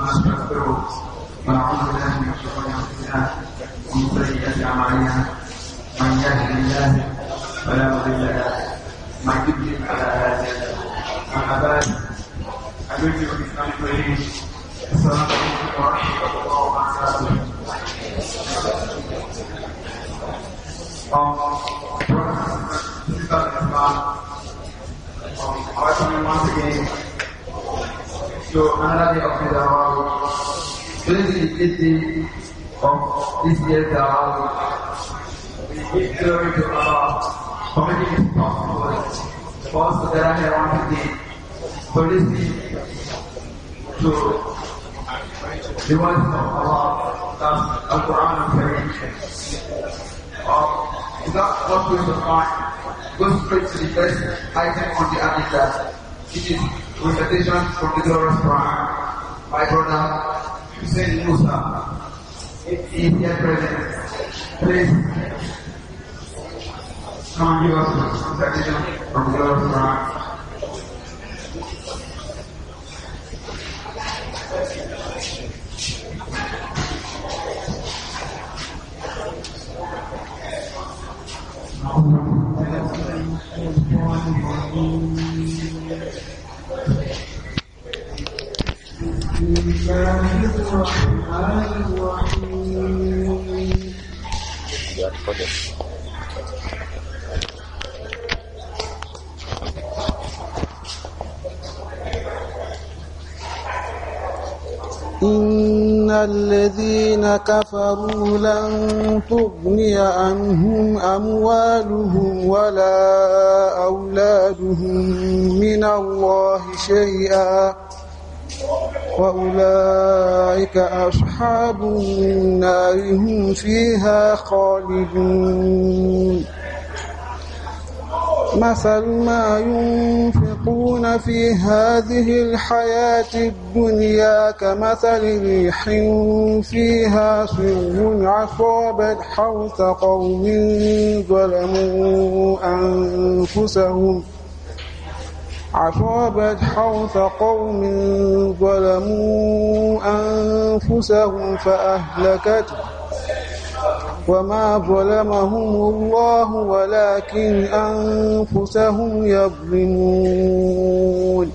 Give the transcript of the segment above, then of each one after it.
ونستغفره ونعوذ بالله من شرور انفسنا ومن سيئات اعمالنا من يهد الله فلا مضل له من يضلل فلا هادي له حبيبي وبسم الله السلام عليكم ورحمه الله وبركاته Um, brothers and you So another day of um, the Dawah, twenty eighteen of this year Dawah, um, we give glory uh, to Allah, committing His promise to us. on the day. So this is to the words of Allah, that's Al Quran and Kareem. Uh, without what we define, go straight to the first item on the agenda. It is with attention from the glorious Quran by brother Hussein Musa. If he is present, please come and give us with attention from the glorious Quran. Thank you. الله الرحمن الرحيم إن الذين كفروا لن تغني عنهم أموالهم ولا أولادهم من الله شيئا وأولئك أصحاب النار هم فيها خالدون مثل ما ينفقون في هذه الحياة الدنيا كمثل ريح فيها سر أصابت حوث قوم ظلموا أنفسهم ۖ أصابت حوث قوم ظلموا أنفسهم فأهلكت وما ظلمهم الله ولكن أنفسهم يظلمون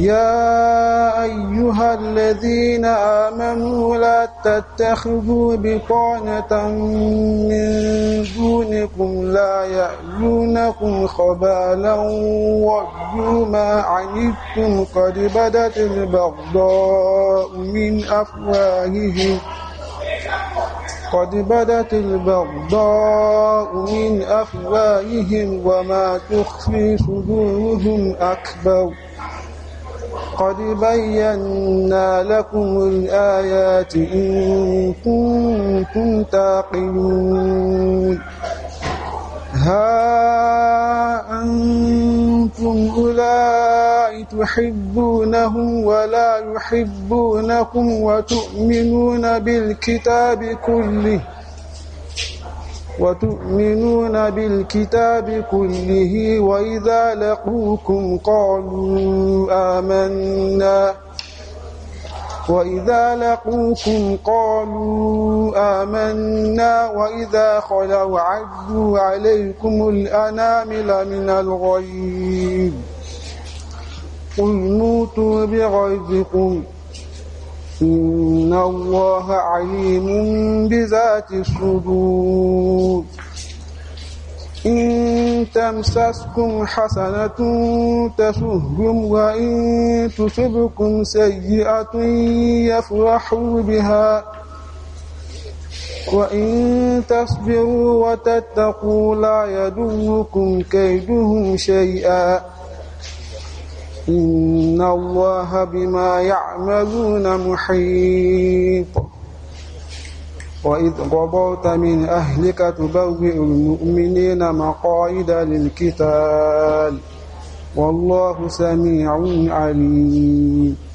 يا أيها الذين آمنوا لا تتخذوا بطانة من دونكم لا يألونكم خبالا ودوا ما عنتم قد بدت البغضاء من أفواههم قد بدت البغضاء من أفواههم وما تخفي صدورهم أكبر قد بينا لكم الآيات إن كنتم تعقلون ها أنتم أولئك تحبونهم ولا يحبونكم وتؤمنون بالكتاب كله وتؤمنون بالكتاب كله وإذا لقوكم قالوا آمنا وإذا لقوكم قالوا آمنا وإذا خلوا عدوا عليكم الأنامل من الغيب قل موتوا بغيظكم إن الله عليم بذات الصدور إن تمسسكم حسنة تسههم وإن تصبكم سيئة يفرحوا بها وإن تصبروا وتتقوا لا يدوكم كيدهم شيئا إن الله بما يعملون محيط وإذ قضوت من أهلك تبوئ المؤمنين مقاعد للكتاب والله سميع عليم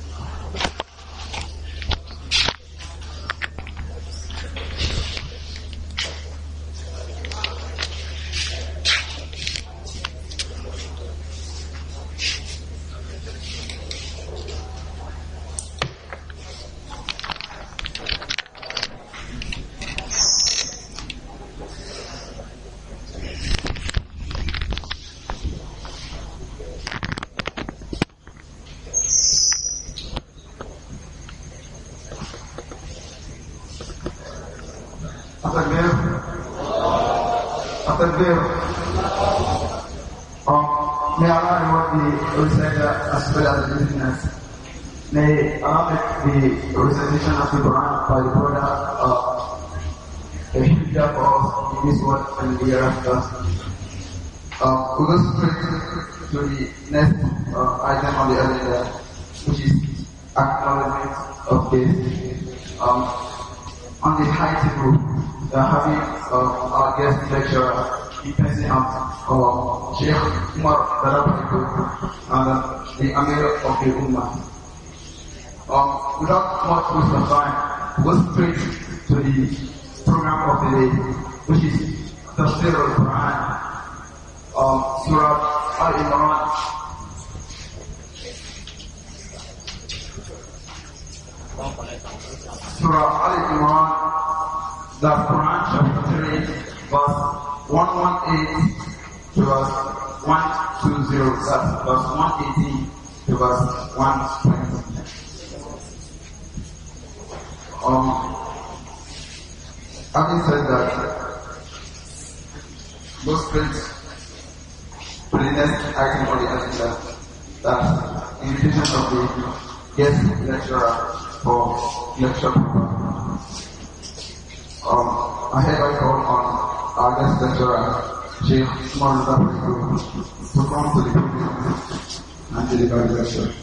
Lord,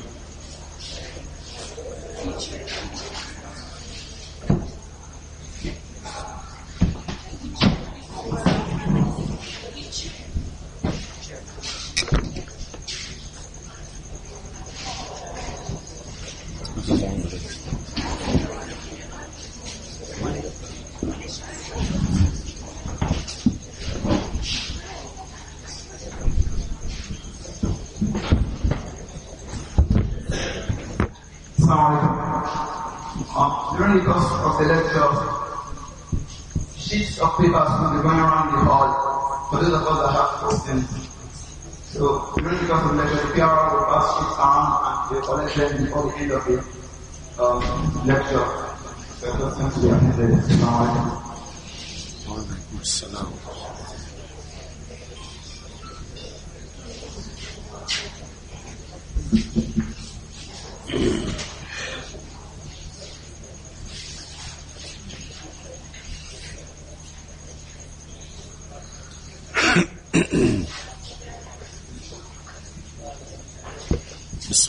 sheets of papers and they run around the hall for those of us that have questions. So during the course of lecture, the PR will pass sheets around and they collect them before the end of the um, lecture. Thank you.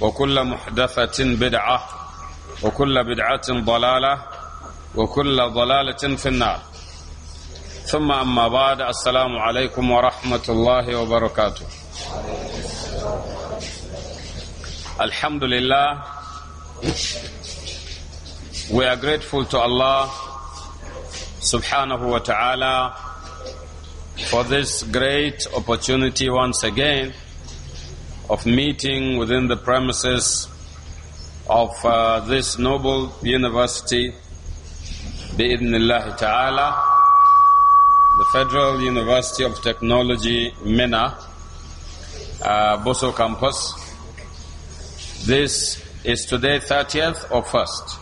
وكل محدثة بدعة وكل بدعة ضلالة وكل ضلالة في النار ثم أما بعد السلام عليكم ورحمة الله وبركاته الحمد لله we are grateful to Allah subhanahu wa ta'ala for this great opportunity once again of meeting within the premises of uh, this noble university, ta'ala, the Federal University of Technology, MENA, uh, Boso campus. This is today 30th or 1st?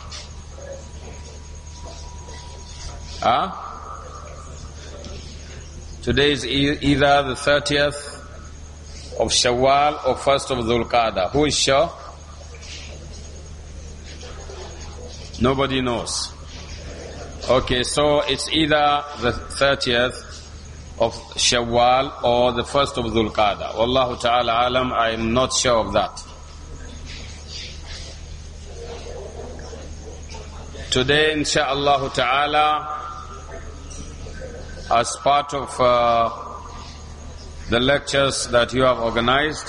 Huh? Today is e either the 30th of Shawwal or first of Dhul Qa'dah? Who is sure? Nobody knows. Okay, so it's either the 30th of Shawwal or the first of Dhul Qa'dah. Wallahu ta'ala alam, I am not sure of that. Today, insha'Allah ta'ala, as part of uh, the lectures that you have organized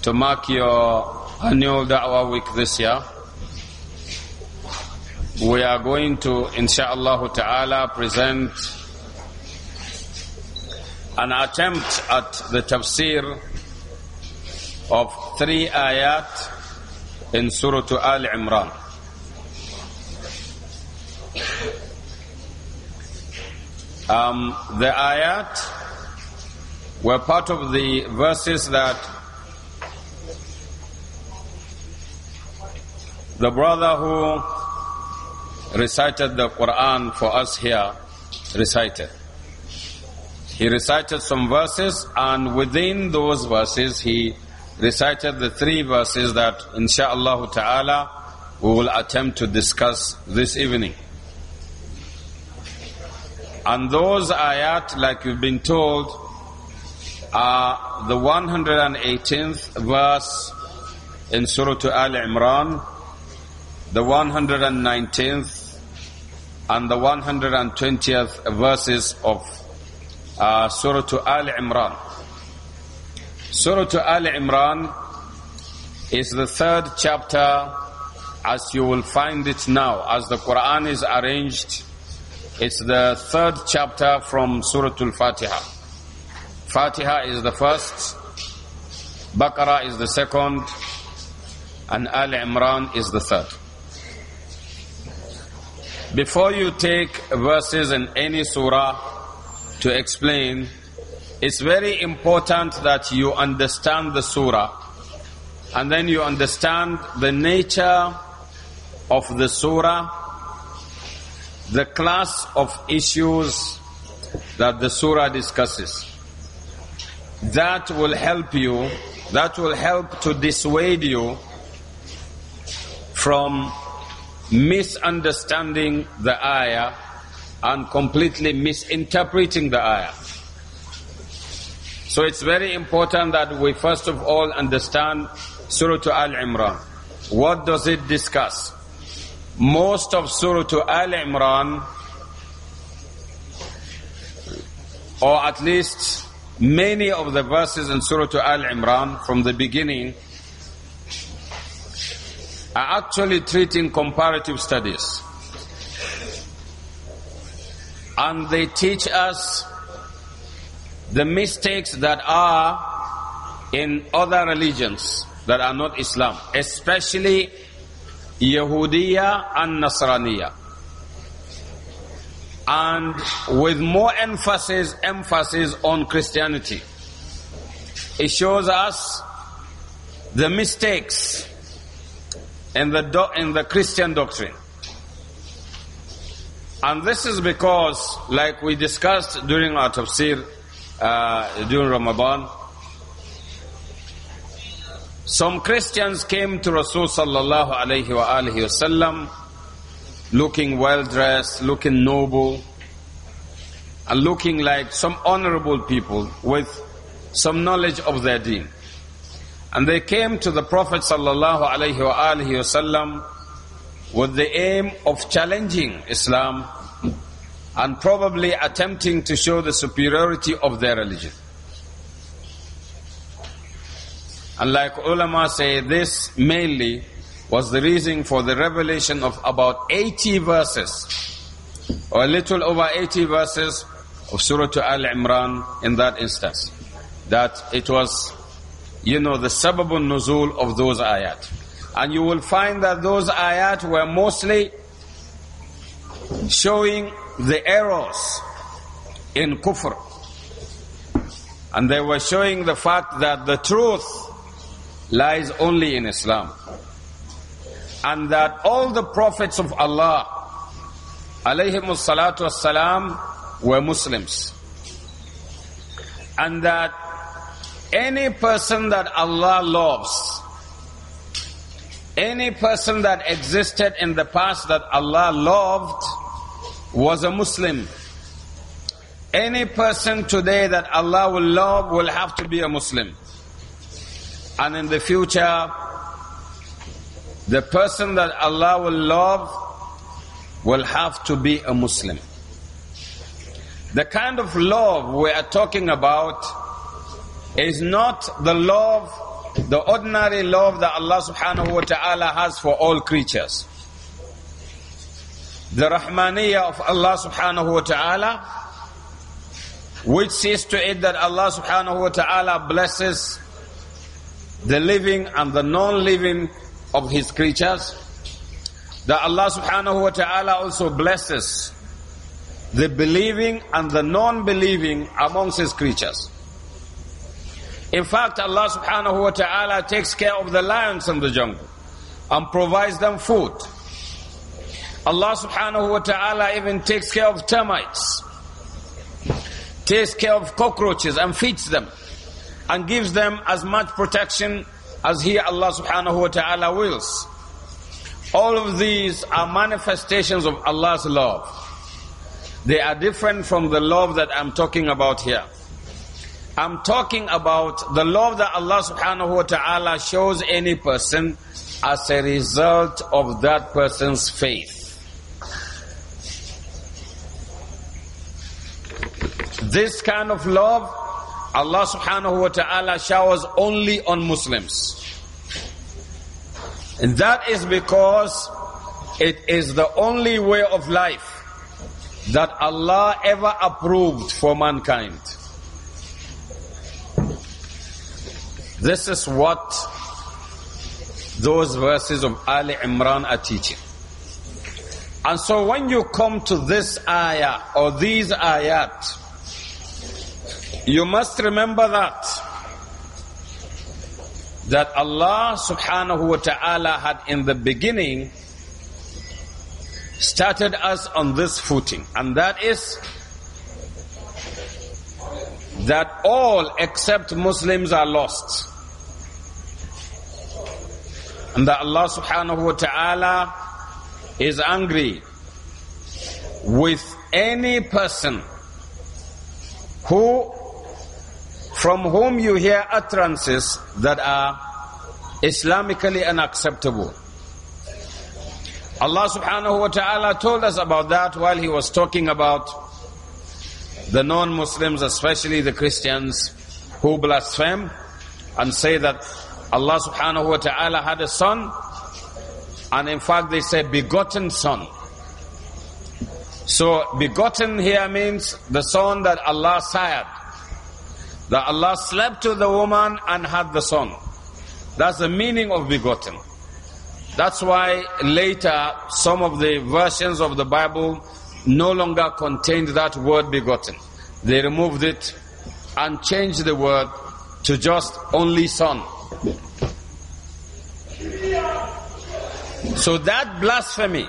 to mark your annual Da'wah week this year. We are going to, insha'Allah ta'ala, present an attempt at the tafsir of three ayat in Surah Al Imran. Um, the ayat were part of the verses that the brother who recited the Quran for us here recited. He recited some verses, and within those verses, he recited the three verses that, insha'Allah ta'ala, we will attempt to discuss this evening. And those ayat, like you've been told, are the 118th verse in Surah Al Imran, the 119th and the 120th verses of uh, Surah Al Imran. Surah Al Imran is the third chapter as you will find it now. As the Quran is arranged, it's the third chapter from Surah Al Fatiha. Fatiha is the first, Baqarah is the second, and Al Imran is the third. Before you take verses in any surah to explain, it's very important that you understand the surah and then you understand the nature of the surah, the class of issues that the surah discusses that will help you, that will help to dissuade you from misunderstanding the ayah and completely misinterpreting the ayah. So it's very important that we first of all understand Surah Al-Imran. What does it discuss? Most of Surah Al-Imran, or at least Many of the verses in Surah Al Imran from the beginning are actually treating comparative studies. And they teach us the mistakes that are in other religions that are not Islam, especially Yahudiya and Nasraniya and with more emphasis, emphasis on Christianity. It shows us the mistakes in the, do, in the Christian doctrine. And this is because, like we discussed during our tafsir, uh, during Ramadan, some Christians came to Rasulullah sallallahu wa alihi wasallam looking well dressed, looking noble, and looking like some honorable people with some knowledge of their deen. And they came to the Prophet sallallahu alaihi wasallam with the aim of challenging Islam and probably attempting to show the superiority of their religion. And like ulama say, this mainly was the reason for the revelation of about 80 verses, or a little over 80 verses of Surah Al Imran in that instance. That it was, you know, the sababun nuzul of those ayat. And you will find that those ayat were mostly showing the errors in kufr. And they were showing the fact that the truth lies only in Islam and that all the prophets of Allah alayhimus were Muslims and that any person that Allah loves any person that existed in the past that Allah loved was a Muslim any person today that Allah will love will have to be a Muslim and in the future the person that Allah will love will have to be a Muslim. The kind of love we are talking about is not the love, the ordinary love that Allah subhanahu wa ta'ala has for all creatures. The Rahmaniyya of Allah subhanahu wa ta'ala, which sees to it that Allah subhanahu wa ta'ala blesses the living and the non-living of his creatures. That Allah subhanahu wa ta'ala also blesses the believing and the non-believing amongst his creatures. In fact, Allah subhanahu wa ta'ala takes care of the lions in the jungle and provides them food. Allah subhanahu wa ta'ala even takes care of termites, takes care of cockroaches and feeds them and gives them as much protection as He, Allah subhanahu wa ta'ala, wills. All of these are manifestations of Allah's love. They are different from the love that I'm talking about here. I'm talking about the love that Allah subhanahu wa ta'ala shows any person as a result of that person's faith. This kind of love Allah subhanahu wa ta'ala showers only on Muslims. And that is because it is the only way of life that Allah ever approved for mankind. This is what those verses of Ali Imran are teaching. And so when you come to this ayah or these ayat, you must remember that that Allah subhanahu wa ta'ala had in the beginning started us on this footing, and that is that all except Muslims are lost. And that Allah subhanahu wa ta'ala is angry with any person who from whom you hear utterances that are Islamically unacceptable. Allah subhanahu wa ta'ala told us about that while He was talking about the non Muslims, especially the Christians, who blaspheme and say that Allah subhanahu wa ta'ala had a son, and in fact they say begotten son. So, begotten here means the son that Allah sired. That Allah slept with the woman and had the son. That's the meaning of begotten. That's why later some of the versions of the Bible no longer contained that word begotten. They removed it and changed the word to just only son. So that blasphemy,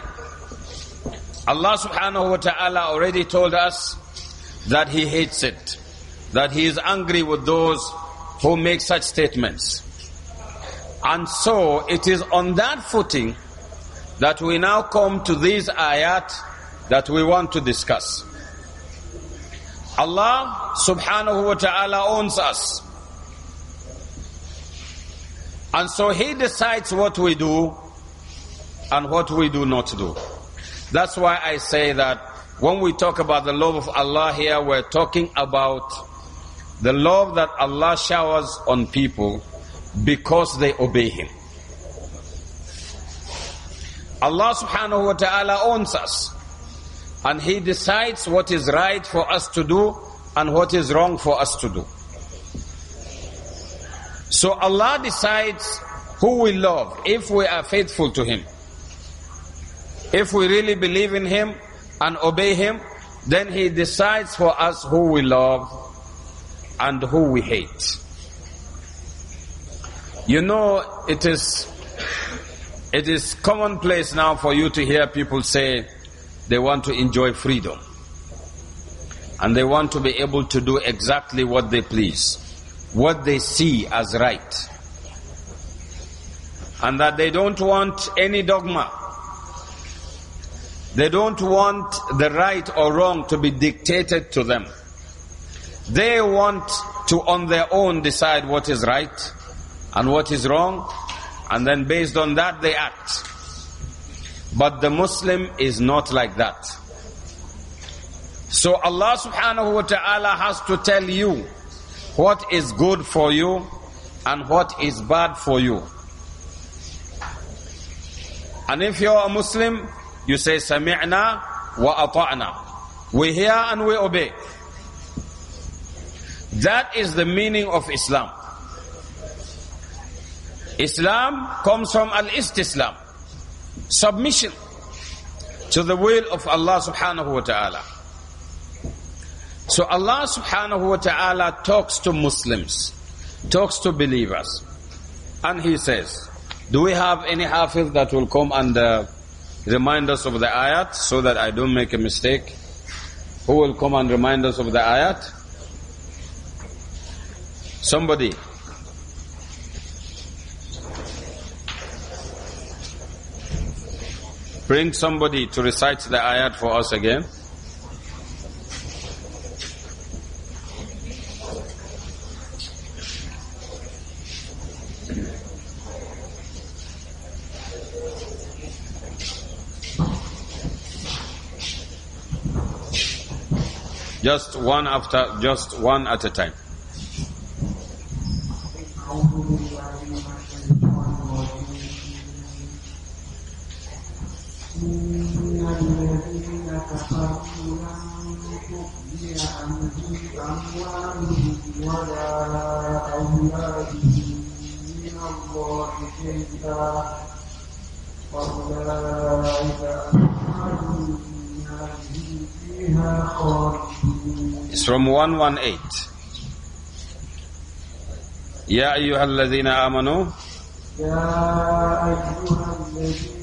Allah subhanahu wa ta'ala already told us that He hates it that he is angry with those who make such statements. And so it is on that footing that we now come to these ayat that we want to discuss. Allah subhanahu wa ta'ala owns us. And so He decides what we do and what we do not do. That's why I say that when we talk about the love of Allah here, we're talking about the love that Allah showers on people because they obey Him. Allah subhanahu wa ta'ala owns us and He decides what is right for us to do and what is wrong for us to do. So Allah decides who we love if we are faithful to Him. If we really believe in Him and obey Him, then He decides for us who we love and who we hate. You know, it is, it is commonplace now for you to hear people say they want to enjoy freedom and they want to be able to do exactly what they please, what they see as right, and that they don't want any dogma. They don't want the right or wrong to be dictated to them. They want to on their own decide what is right and what is wrong, and then based on that they act. But the Muslim is not like that. So Allah subhanahu wa ta'ala has to tell you what is good for you and what is bad for you. And if you're a Muslim, you say, Sami'na wa ata'na. We hear and we obey. That is the meaning of Islam. Islam comes from al-istislam, submission to the will of Allah subhanahu wa ta'ala. So Allah subhanahu wa ta'ala talks to Muslims, talks to believers, and He says, do we have any hafiz that will come and uh, remind us of the ayat so that I don't make a mistake? Who will come and remind us of the ayat? somebody bring somebody to recite the ayat for us again. Just one after, just one at a time. إن الذين كفروا لن تغني عنهم أموالهم ولا أولادهم من الله شيئا وأولئك أصحاب النار هم فيها خالدون. It's from 118. يا أيها الذين آمنوا يا أيها الذين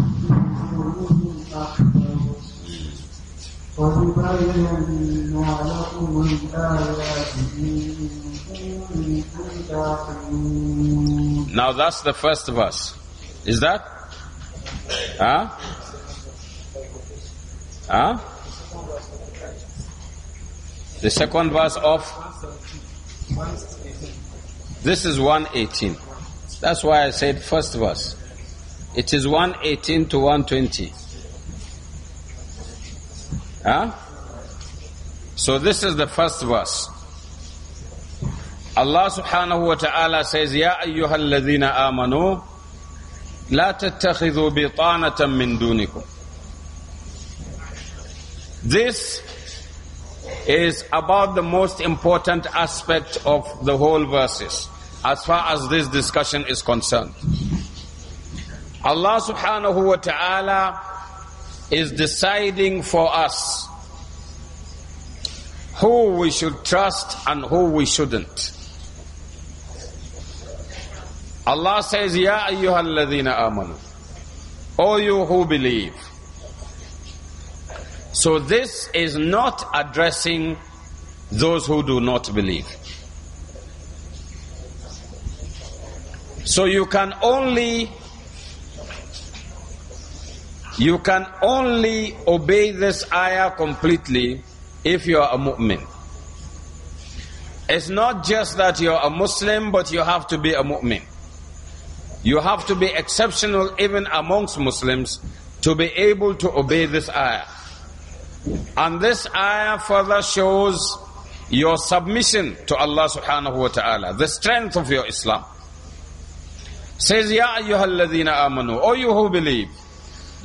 Now that's the first verse. Is that? Huh? Huh? The second verse of this is 118. That's why I said first verse. It is 118 to 120. Huh? So this is the first verse. Allah subhanahu wa ta'ala says, Ya ayyuhal ladhina amanu, la tattakhidhu bitanatan min dunikum. This is about the most important aspect of the whole verses as far as this discussion is concerned. Allah subhanahu wa ta'ala is deciding for us who we should trust and who we shouldn't. Allah says, Ya ayyuhalladhina amanu. O you who believe. So this is not addressing those who do not believe. So you can only you can only obey this ayah completely if you are a mu'min. It's not just that you're a Muslim, but you have to be a mu'min. You have to be exceptional even amongst Muslims to be able to obey this ayah. And this ayah further shows your submission to Allah subhanahu wa ta'ala, the strength of your Islam. Says, Ya ayyuhalladhina amanu, O you who believe,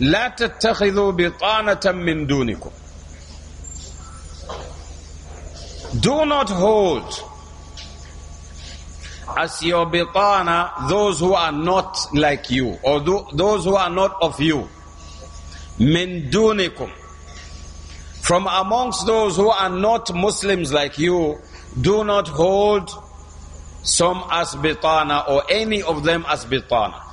لا تتخذوا بطانة من دونكم Do not hold as your bitana those who are not like you or those who are not of you. Mindunikum. From amongst those who are not Muslims like you, do not hold some as bitana or any of them as bitana.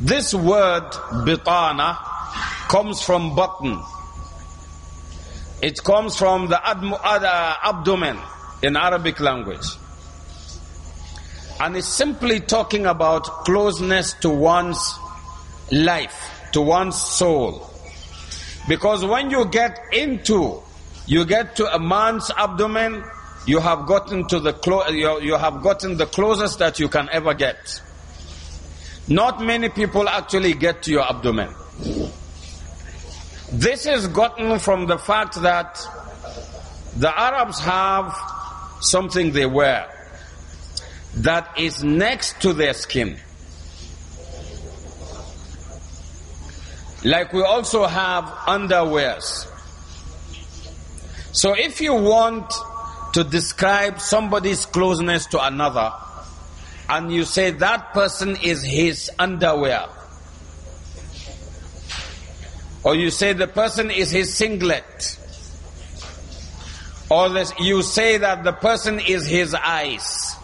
This word bitana comes from button. It comes from the uh, abdomen in Arabic language. And it's simply talking about closeness to one's life, to one's soul. Because when you get into, you get to a man's abdomen, you have gotten to the you, you have gotten the closest that you can ever get. Not many people actually get to your abdomen. This is gotten from the fact that the Arabs have something they wear that is next to their skin. Like we also have underwears. So if you want to describe somebody's closeness to another, and you say that person is his underwear. Or you say the person is his singlet. Or this, you say that the person is his eyes.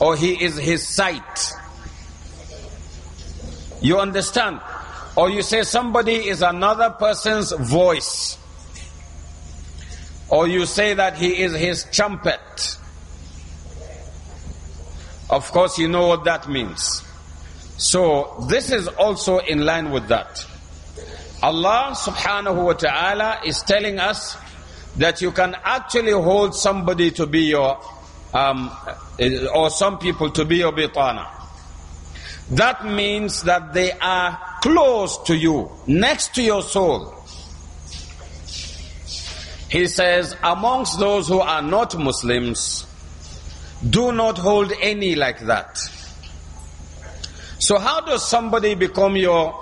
Or he is his sight. You understand? Or you say somebody is another person's voice. Or you say that he is his trumpet. Of course, you know what that means. So, this is also in line with that. Allah subhanahu wa ta'ala is telling us that you can actually hold somebody to be your, um, eh, or some people to be your bitana. That means that they are close to you, next to your soul. He says, amongst those who are not Muslims, do not hold any like that. So how does somebody become your,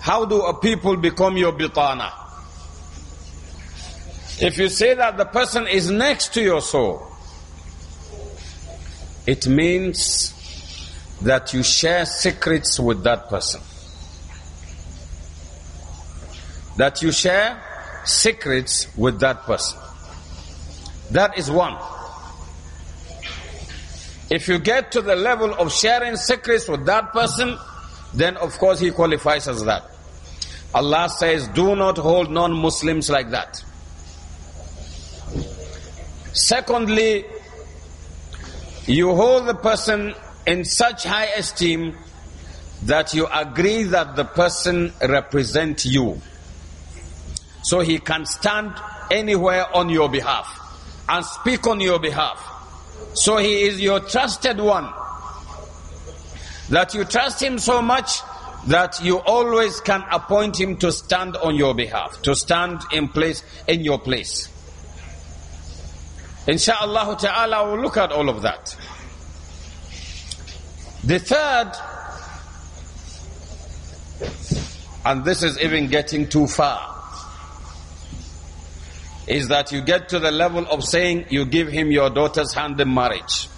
how do a people become your bitana? If you say that the person is next to your soul, it means that you share secrets with that person. That you share secrets with that person. That is one. If you get to the level of sharing secrets with that person, then of course he qualifies as that. Allah says, do not hold non-Muslims like that. Secondly, you hold the person in such high esteem that you agree that the person represents you. So he can stand anywhere on your behalf and speak on your behalf so he is your trusted one. That you trust him so much that you always can appoint him to stand on your behalf, to stand in place, in your place. Insha'Allah ta'ala, will look at all of that. The third, and this is even getting too far, is that you get to the level of saying you give him your daughter's hand in marriage.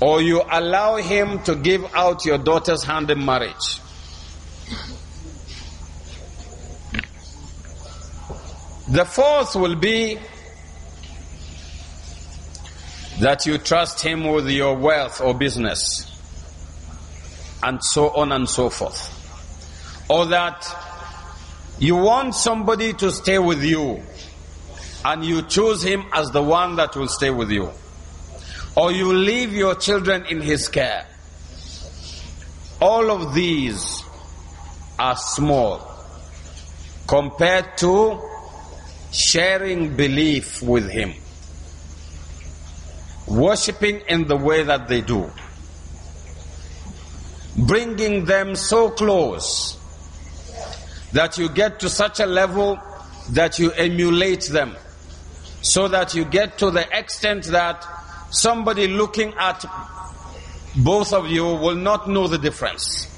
Or you allow him to give out your daughter's hand in marriage. The fourth will be that you trust him with your wealth or business, and so on and so forth. Or that you want somebody to stay with you and you choose him as the one that will stay with you. Or you leave your children in his care. All of these are small compared to sharing belief with him. Worshipping in the way that they do. Bringing them so close that you get to such a level that you emulate them so that you get to the extent that somebody looking at both of you will not know the difference.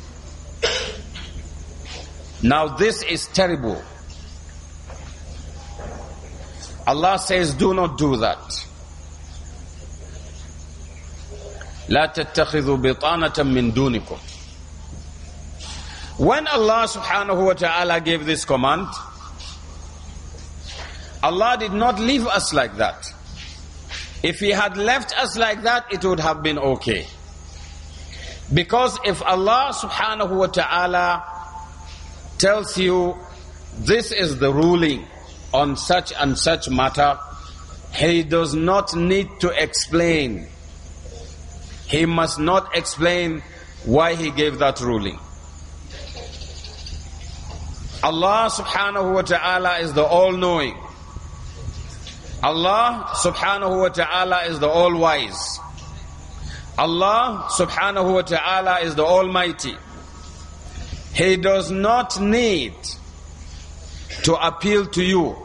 now, this is terrible. Allah says, Do not do that. لا تتخذوا بطانة من دونكم when Allah subhanahu wa ta'ala gave this command, Allah did not leave us like that. If He had left us like that, it would have been okay. Because if Allah subhanahu wa ta'ala tells you this is the ruling on such and such matter, He does not need to explain. He must not explain why He gave that ruling. Allah subhanahu wa ta'ala is the all-knowing. Allah subhanahu wa ta'ala is the all-wise. Allah subhanahu wa ta'ala is the almighty. He does not need to appeal to you.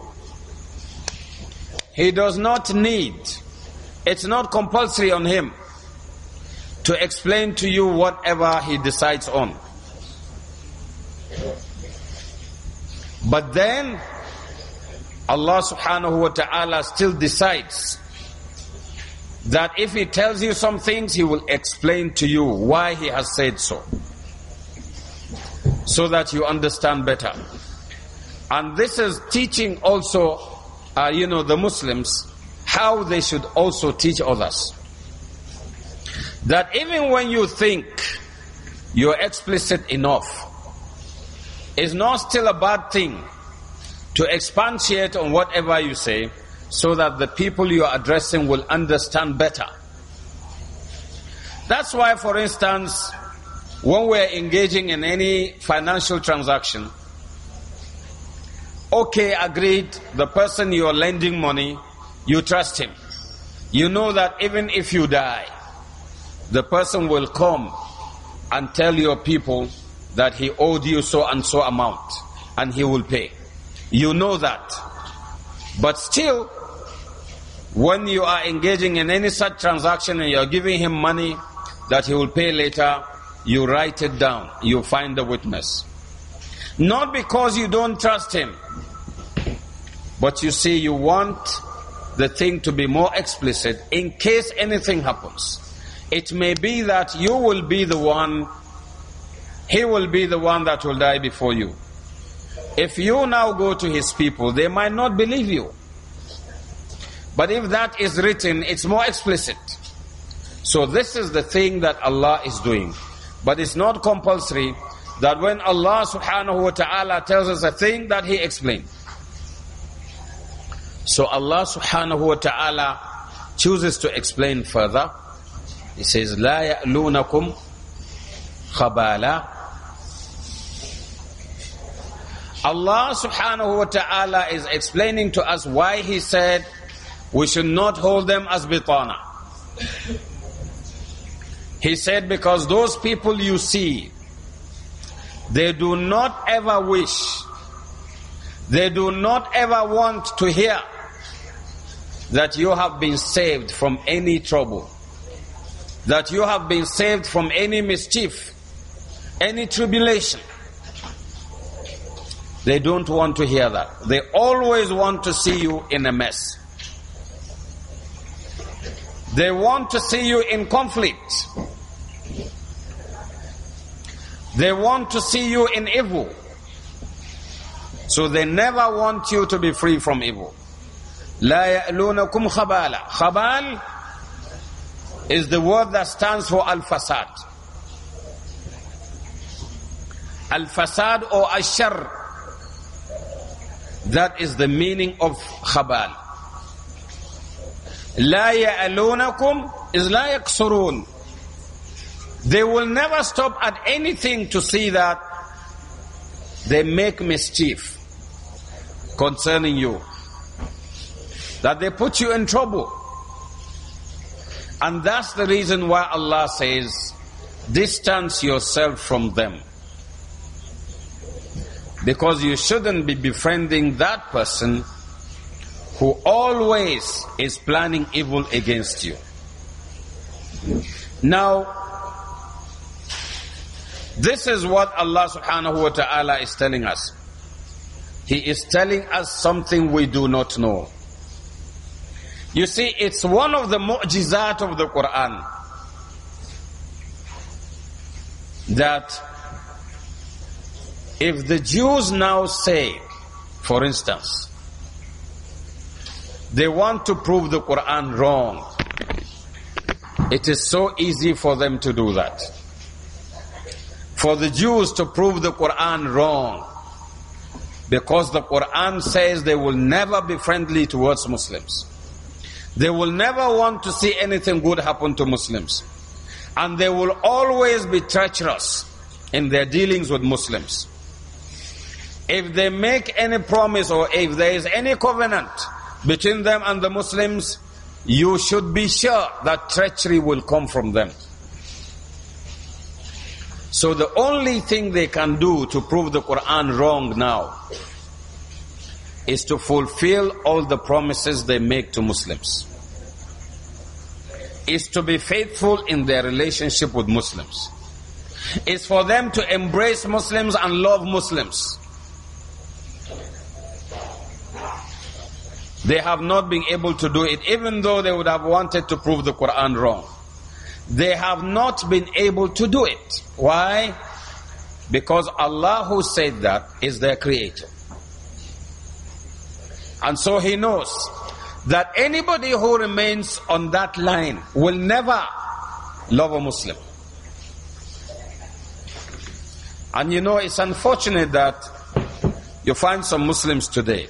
He does not need, it's not compulsory on him to explain to you whatever he decides on. But then Allah subhanahu wa ta'ala still decides that if He tells you some things, He will explain to you why He has said so, so that you understand better. And this is teaching also, uh, you know, the Muslims how they should also teach others. That even when you think you're explicit enough, it's not still a bad thing to expatiate on whatever you say so that the people you are addressing will understand better. That's why, for instance, when we're engaging in any financial transaction, okay, agreed, the person you're lending money, you trust him. You know that even if you die, the person will come and tell your people that he owed you so and so amount and he will pay. You know that. But still, when you are engaging in any such transaction and you are giving him money that he will pay later, you write it down. You find the witness. Not because you don't trust him, but you see, you want the thing to be more explicit in case anything happens. It may be that you will be the one he will be the one that will die before you. If you now go to his people, they might not believe you. But if that is written, it's more explicit. So this is the thing that Allah is doing. But it's not compulsory that when Allah subhanahu wa ta'ala tells us a thing that he explains. So Allah subhanahu wa ta'ala chooses to explain further. He says, لا يألونكم خبالا Allah subhanahu wa ta'ala is explaining to us why He said we should not hold them as bitana. He said, because those people you see, they do not ever wish, they do not ever want to hear that you have been saved from any trouble, that you have been saved from any mischief, any tribulation. They don't want to hear that. They always want to see you in a mess. They want to see you in conflict. They want to see you in evil. So they never want you to be free from evil. لا يألونكم خبالا خبال is the word that stands for al-fasad. Al-fasad or al-shar that is the meaning of khabal. لا يألونكم is لا يقصرون. They will never stop at anything to see that they make mischief concerning you. That they put you in trouble. And that's the reason why Allah says, distance yourself from them. Because you shouldn't be befriending that person who always is planning evil against you. Now, this is what Allah subhanahu wa ta'ala is telling us. He is telling us something we do not know. You see, it's one of the mu'jizat of the Quran that if the Jews now say, for instance, they want to prove the Quran wrong, it is so easy for them to do that. For the Jews to prove the Quran wrong, because the Quran says they will never be friendly towards Muslims. They will never want to see anything good happen to Muslims. And they will always be treacherous in their dealings with Muslims. If they make any promise or if there is any covenant between them and the Muslims, you should be sure that treachery will come from them. So the only thing they can do to prove the Quran wrong now is to fulfill all the promises they make to Muslims. Is to be faithful in their relationship with Muslims. Is for them to embrace Muslims and love Muslims. They have not been able to do it, even though they would have wanted to prove the Quran wrong. They have not been able to do it. Why? Because Allah who said that is their creator. And so He knows that anybody who remains on that line will never love a Muslim. And you know, it's unfortunate that you find some Muslims today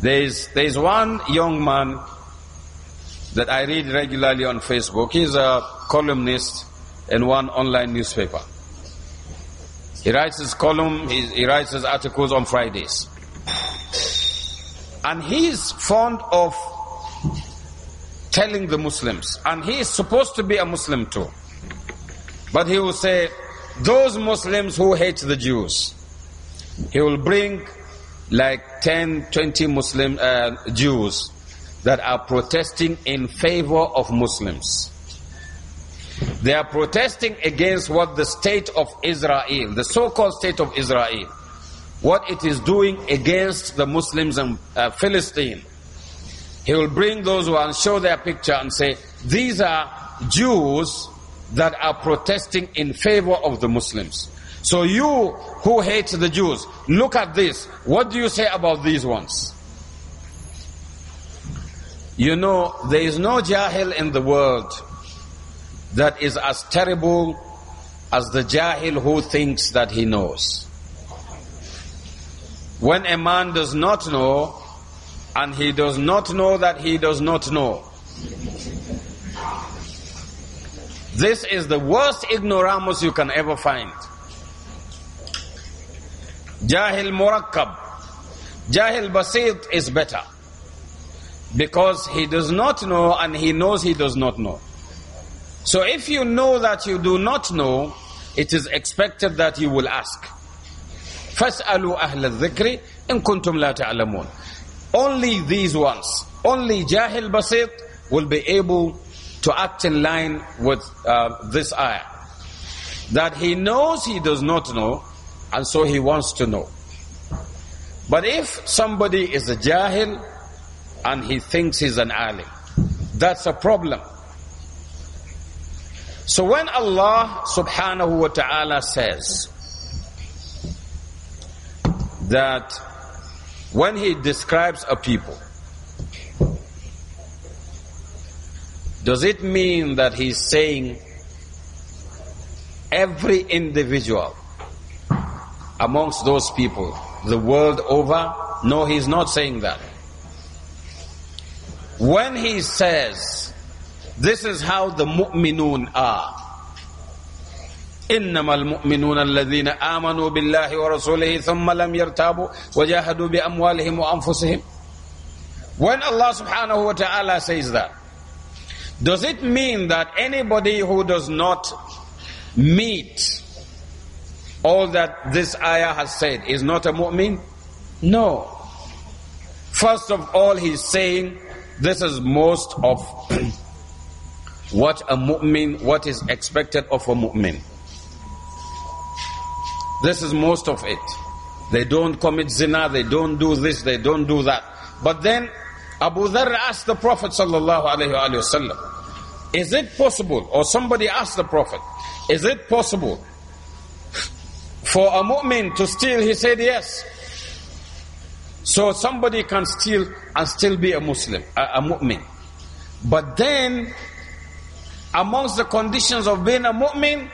there's, there's one young man that I read regularly on Facebook. He's a columnist in one online newspaper. He writes his column, he, he writes his articles on Fridays. And he is fond of telling the Muslims, and he is supposed to be a Muslim too. But he will say, those Muslims who hate the Jews, he will bring like 10, 20 Muslim uh, Jews that are protesting in favor of Muslims. They are protesting against what the state of Israel, the so-called state of Israel, what it is doing against the Muslims and uh, Philistine. He will bring those who and show their picture and say, these are Jews that are protesting in favor of the Muslims. So you who hate the Jews, look at this. What do you say about these ones? You know, there is no Jahil in the world that is as terrible as the Jahil who thinks that he knows. When a man does not know, and he does not know that he does not know. This is the worst ignoramus you can ever find. Jahil Murakkab, Jahil Basit is better. Because he does not know and he knows he does not know. So if you know that you do not know, it is expected that you will ask. فَاسْأَلُوا أَهْلَ dhikri in kuntum la ta'lamun. Only these ones, only Jahil Basit will be able to act in line with uh, this ayah. That he knows he does not know, and so he wants to know. But if somebody is a jahil and he thinks he's an alim, that's a problem. So when Allah subhanahu wa ta'ala says that when he describes a people, does it mean that he's saying every individual amongst those people the world over? No, he's not saying that. When he says, this is how the mu'minun are. إنما المؤمنون الذين آمنوا بالله ورسوله ثم لم يرتابوا وجاهدوا بأموالهم وأنفسهم When Allah subhanahu wa ta'ala says that, does it mean that anybody who does not meet all that this ayah has said is not a mu'min? No. First of all, he's saying this is most of what a mu'min, what is expected of a mu'min. This is most of it. They don't commit zina, they don't do this, they don't do that. But then Abu Dharr asked the Prophet sallallahu is it possible, or somebody asked the Prophet, is it possible for a mu'min to steal, he said yes. So somebody can steal and still be a Muslim, a, a mu'min. But then, amongst the conditions of being a mu'min,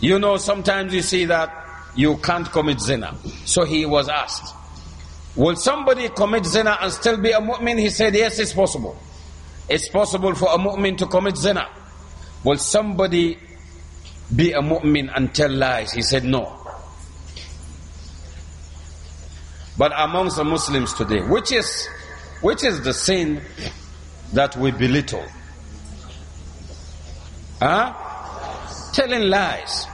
you know, sometimes you see that you can't commit zina. So he was asked, Will somebody commit zina and still be a mu'min? He said, Yes, it's possible. It's possible for a mu'min to commit zina. Will somebody be a mu'min and tell lies. He said, no. But amongst the Muslims today, which is, which is the sin that we belittle? Huh? Telling lies.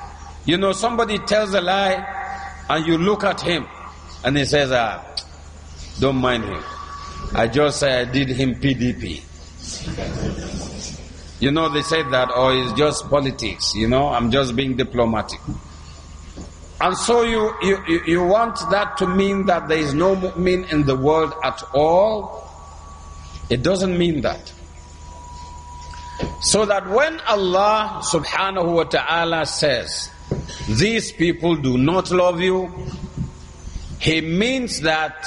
You know, somebody tells a lie and you look at him and he says, ah, don't mind him. I just I did him PDP. You know, they said that, oh, it's just politics, you know, I'm just being diplomatic. And so you, you, you want that to mean that there is no mu'min in the world at all? It doesn't mean that. So that when Allah subhanahu wa ta'ala says, these people do not love you, He means that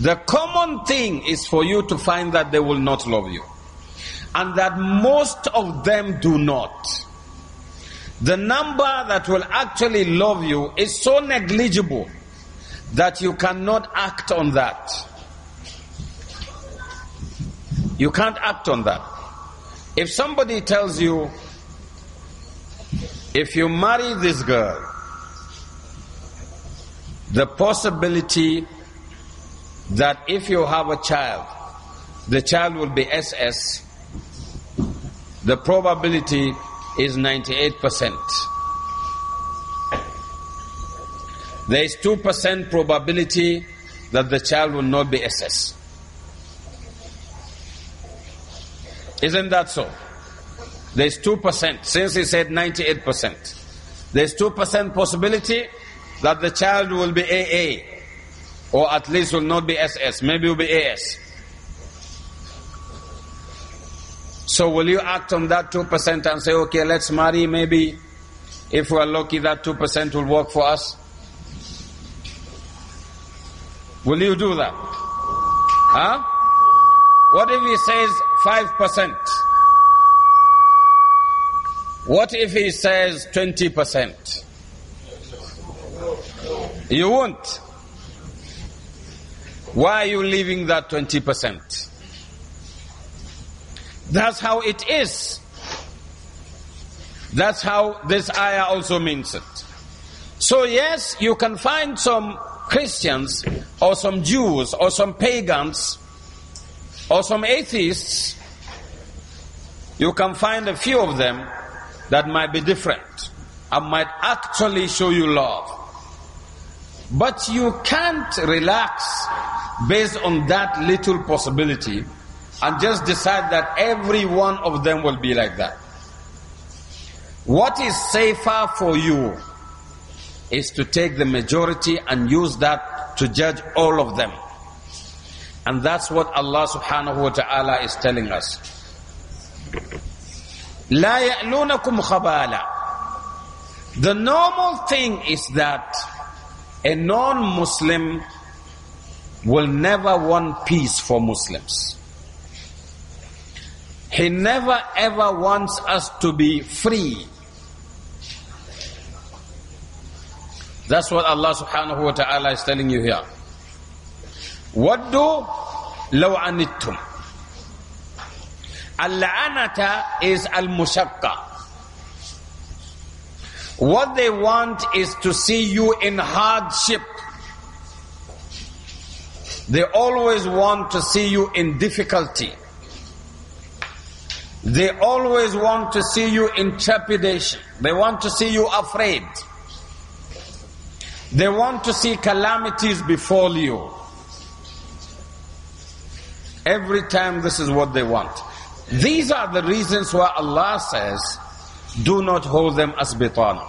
the common thing is for you to find that they will not love you and that most of them do not. The number that will actually love you is so negligible that you cannot act on that. You can't act on that. If somebody tells you, if you marry this girl, the possibility that if you have a child, the child will be SS the probability is 98%. There is 2% probability that the child will not be SS. Isn't that so? There's 2%, since he said 98%. There's 2% possibility that the child will be AA, or at least will not be SS, maybe will be AS. So will you act on that 2% and say, okay, let's marry, maybe if we are lucky that 2% will work for us? Will you do that? Huh? What if he says 5%? What if he says 20%? You won't. Why are you leaving that 20%? That's how it is. That's how this ayah also means it. So, yes, you can find some Christians or some Jews or some pagans or some atheists. You can find a few of them that might be different and might actually show you love. But you can't relax based on that little possibility and just decide that every one of them will be like that. What is safer for you is to take the majority and use that to judge all of them. And that's what Allah subhanahu wa ta'ala is telling us. لا يألونكم The normal thing is that a non-Muslim will never want peace for Muslims. He never ever wants us to be free. That's what Allah subhanahu wa ta'ala is telling you here. What do anittum? عنتم anata is al المشقة What they want is to see you in hardship. They always want to see you in difficulty. They always want to see you in trepidation. They want to see you afraid. They want to see calamities befall you. Every time this is what they want. These are the reasons why Allah says, do not hold them as bitan.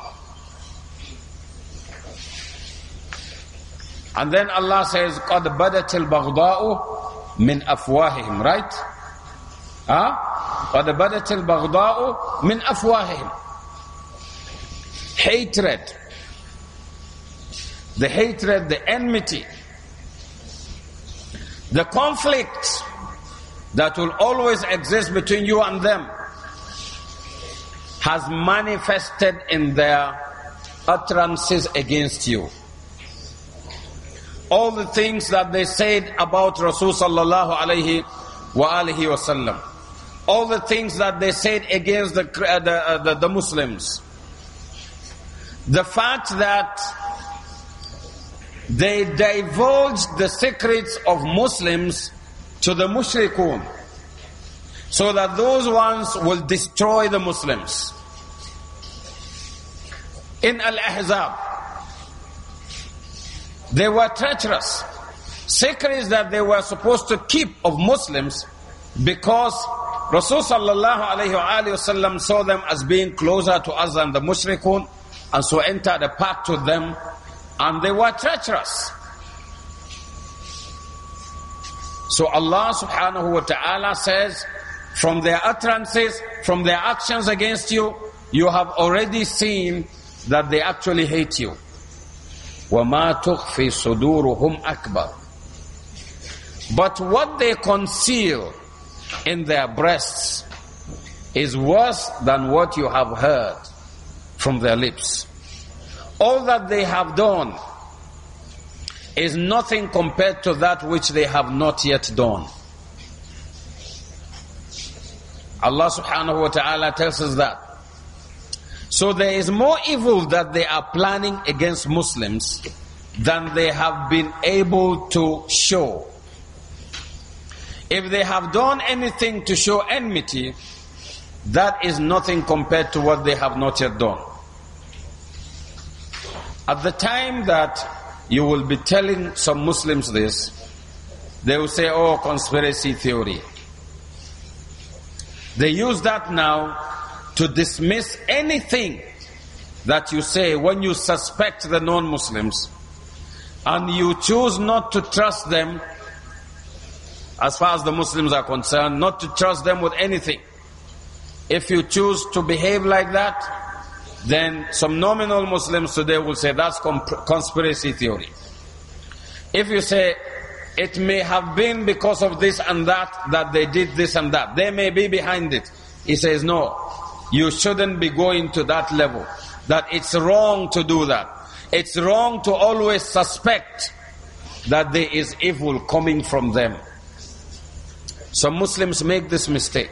And then Allah says, قَدْ بَدَتِ الْبَغْضَاءُ مِنْ أَفْوَاهِهِمْ Right? Huh? قد بدت البغضاء من أفواههم hatred the hatred the enmity the conflict that will always exist between you and them has manifested in their utterances against you all the things that they said about Rasulullah sallallahu alaihi wasallam all the things that they said against the, uh, the, uh, the, the Muslims. The fact that they divulged the secrets of Muslims to the mushrikun so that those ones will destroy the Muslims. In Al Ahzab, they were treacherous. Secrets that they were supposed to keep of Muslims because Rasul sallallahu alayhi saw them as being closer to us than the mushrikun and so entered a path to them and they were treacherous. So Allah subhanahu wa ta'ala says, from their utterances, from their actions against you, you have already seen that they actually hate you. وَمَا تُخْفِي صُدُورُهُمْ أَكْبَرُ But what they conceal in their breasts is worse than what you have heard from their lips. All that they have done is nothing compared to that which they have not yet done. Allah subhanahu wa ta'ala tells us that. So there is more evil that they are planning against Muslims than they have been able to show. If they have done anything to show enmity, that is nothing compared to what they have not yet done. At the time that you will be telling some Muslims this, they will say, oh, conspiracy theory. They use that now to dismiss anything that you say when you suspect the non Muslims and you choose not to trust them as far as the Muslims are concerned, not to trust them with anything. If you choose to behave like that, then some nominal Muslims today will say that's conspiracy theory. If you say it may have been because of this and that that they did this and that, they may be behind it. He says, no, you shouldn't be going to that level. That it's wrong to do that. It's wrong to always suspect that there is evil coming from them. Some Muslims make this mistake.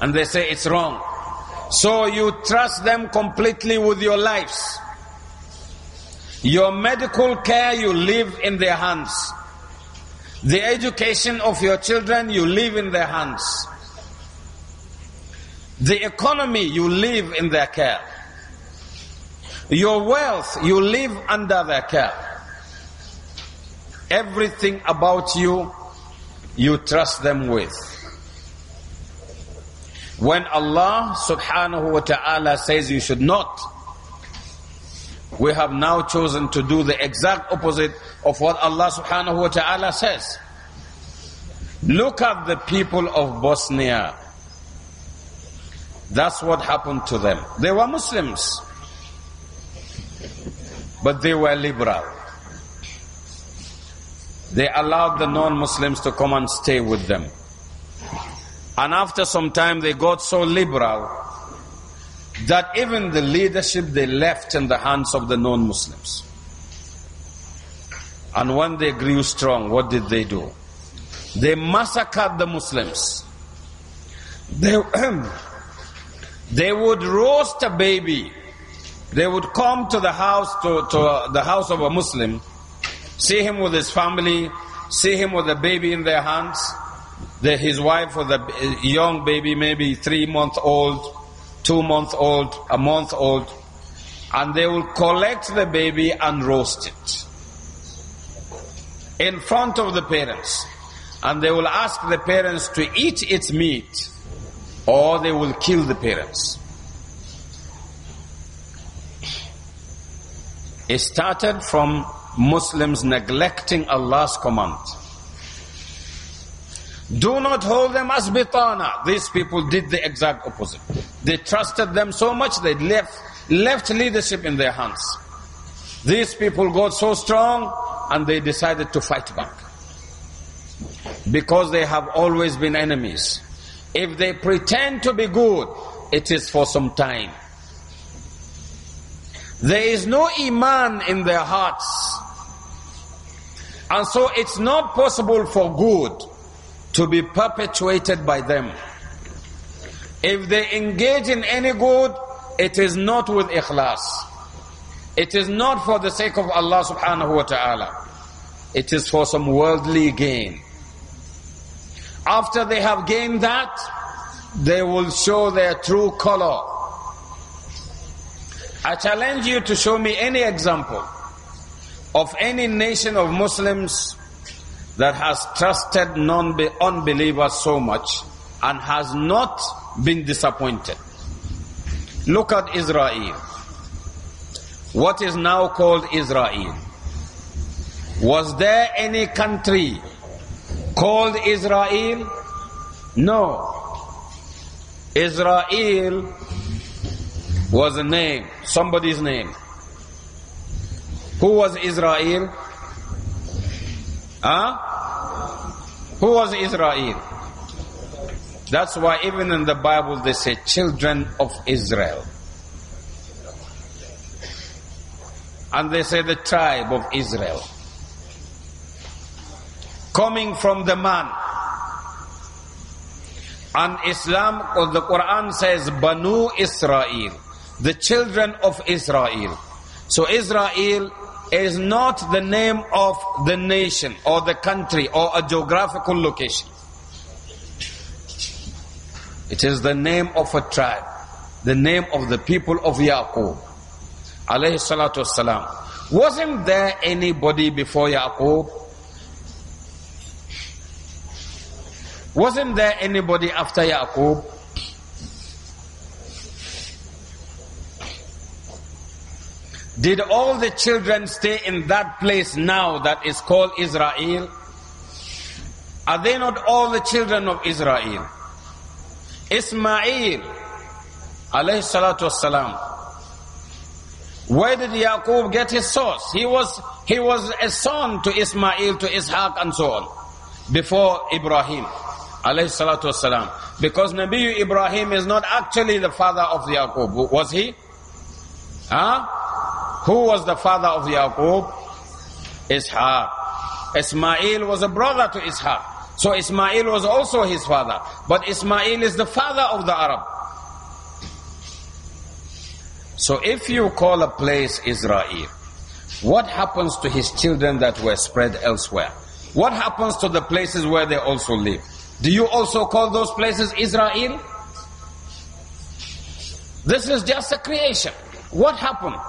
And they say it's wrong. So you trust them completely with your lives. Your medical care, you leave in their hands. The education of your children, you leave in their hands. The economy, you leave in their care. Your wealth, you live under their care. Everything about you, you trust them with. When Allah subhanahu wa ta'ala says you should not, we have now chosen to do the exact opposite of what Allah subhanahu wa ta'ala says. Look at the people of Bosnia. That's what happened to them. They were Muslims, but they were liberal they allowed the non-Muslims to come and stay with them. And after some time, they got so liberal that even the leadership they left in the hands of the non-Muslims. And when they grew strong, what did they do? They massacred the Muslims. They, they would roast a baby. They would come to the house to, to uh, the house of a Muslim See him with his family, see him with a baby in their hands, the, his wife with a uh, young baby, maybe three months old, two months old, a month old, and they will collect the baby and roast it in front of the parents. And they will ask the parents to eat its meat or they will kill the parents. It started from Muslims neglecting Allah's command. Do not hold them as bitana. These people did the exact opposite. They trusted them so much they left, left leadership in their hands. These people got so strong and they decided to fight back. Because they have always been enemies. If they pretend to be good, it is for some time. There is no iman in their hearts. And so it's not possible for good to be perpetuated by them. If they engage in any good, it is not with ikhlas. It is not for the sake of Allah subhanahu wa ta'ala. It is for some worldly gain. After they have gained that, they will show their true color. I challenge you to show me any example of any nation of Muslims that has trusted non unbelievers so much and has not been disappointed. Look at Israel. What is now called Israel. Was there any country called Israel? No. Israel was a name, somebody's name. Who was Israel? Huh? Who was Israel? That's why even in the Bible they say children of Israel. And they say the tribe of Israel. Coming from the man. And Islam, or the Quran says, Banu Israel, the children of Israel. So Israel is not the name of the nation or the country or a geographical location. It is the name of a tribe, the name of the people of Yaqub. Alayhi salatu wasalam. Wasn't there anybody before Yaqub? Wasn't there anybody after Yaqub? Did all the children stay in that place now that is called Israel? Are they not all the children of Israel? Ismail, alayhi salatu wasalam. Where did Yaqub get his source? He was, he was a son to Ismail, to Ishaq and so on. Before Ibrahim, alayhi salatu wasalam. Because Nabi Ibrahim is not actually the father of Yaqub. Was he? Huh? Who was the father of Yaqub? Ishaq. Ismail was a brother to Ishaq. So Ismail was also his father. But Ismail is the father of the Arab. So if you call a place Israel, what happens to his children that were spread elsewhere? What happens to the places where they also live? Do you also call those places Israel? This is just a creation. What happened?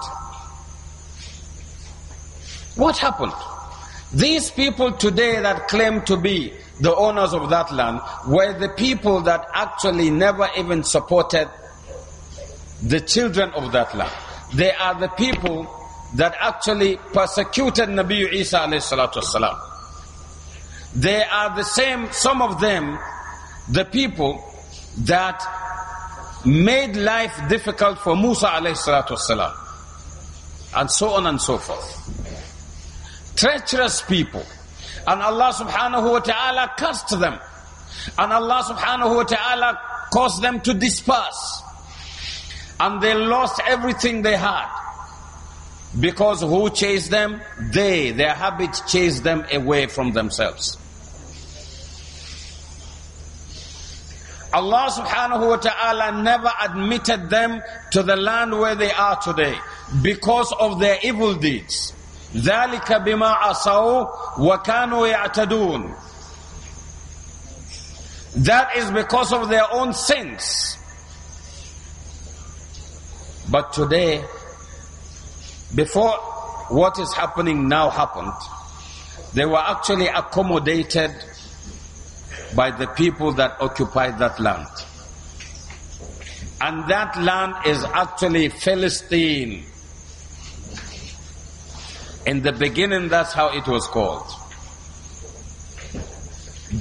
What happened? These people today that claim to be the owners of that land were the people that actually never even supported the children of that land. They are the people that actually persecuted Nabi Isa alayhi They are the same, some of them, the people that made life difficult for Musa alayhi And so on and so forth treacherous people. And Allah subhanahu wa ta'ala cursed them. And Allah subhanahu wa ta'ala caused them to disperse. And they lost everything they had. Because who chased them? They, their habit, chased them away from themselves. Allah subhanahu wa ta'ala never admitted them to the land where they are today because of their evil deeds. ذلك بما عصوا وكانوا يعتدون that is because of their own sins but today before what is happening now happened they were actually accommodated by the people that occupied that land and that land is actually Philistine in the beginning, that's how it was called.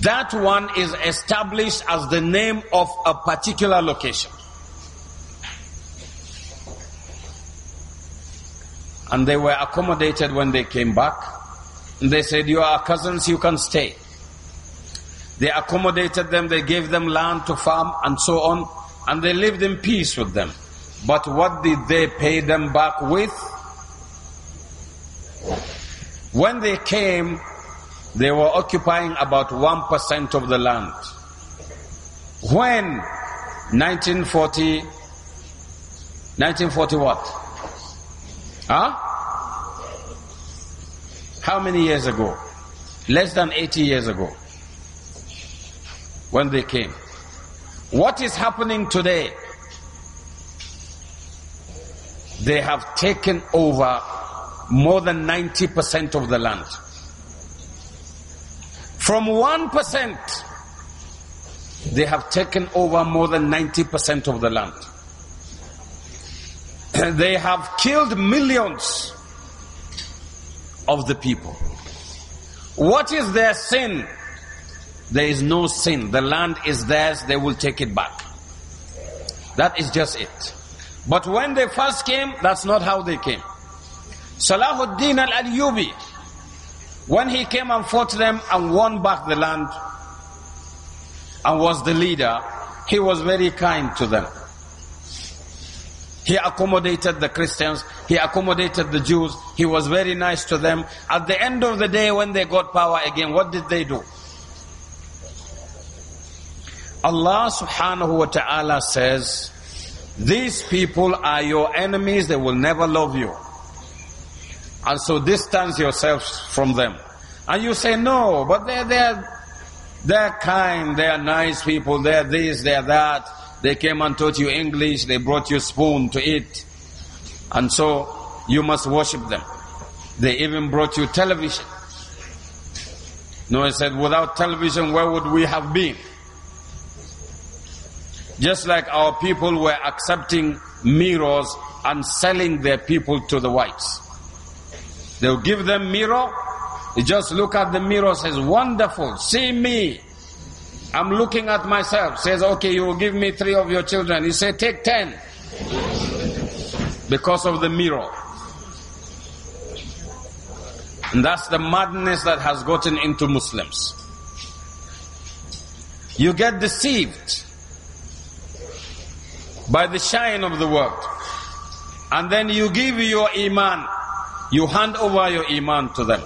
That one is established as the name of a particular location. And they were accommodated when they came back. They said, You are cousins, you can stay. They accommodated them, they gave them land to farm, and so on. And they lived in peace with them. But what did they pay them back with? When they came, they were occupying about 1% of the land. When 1940, 1940 what? Huh? How many years ago? Less than 80 years ago. When they came. What is happening today? They have taken over more than 90% of the land. From 1%, they have taken over more than 90% of the land. And they have killed millions of the people. What is their sin? There is no sin. The land is theirs, they will take it back. That is just it. But when they first came, that's not how they came. Salahuddin al Ayyubi, when he came and fought them and won back the land and was the leader, he was very kind to them. He accommodated the Christians, he accommodated the Jews, he was very nice to them. At the end of the day, when they got power again, what did they do? Allah subhanahu wa ta'ala says, These people are your enemies, they will never love you. And so distance yourselves from them. And you say, no, but they're, they're, they're kind, they're nice people, they're this, they're that. They came and taught you English, they brought you spoon to eat. And so you must worship them. They even brought you television. Noah said, without television, where would we have been? Just like our people were accepting mirrors and selling their people to the whites. They'll give them mirror. They just look at the mirror, says, wonderful, see me. I'm looking at myself. Says, okay, you will give me three of your children. You say, take ten. Because of the mirror. And that's the madness that has gotten into Muslims. You get deceived by the shine of the world. And then you give your iman you hand over your iman to them.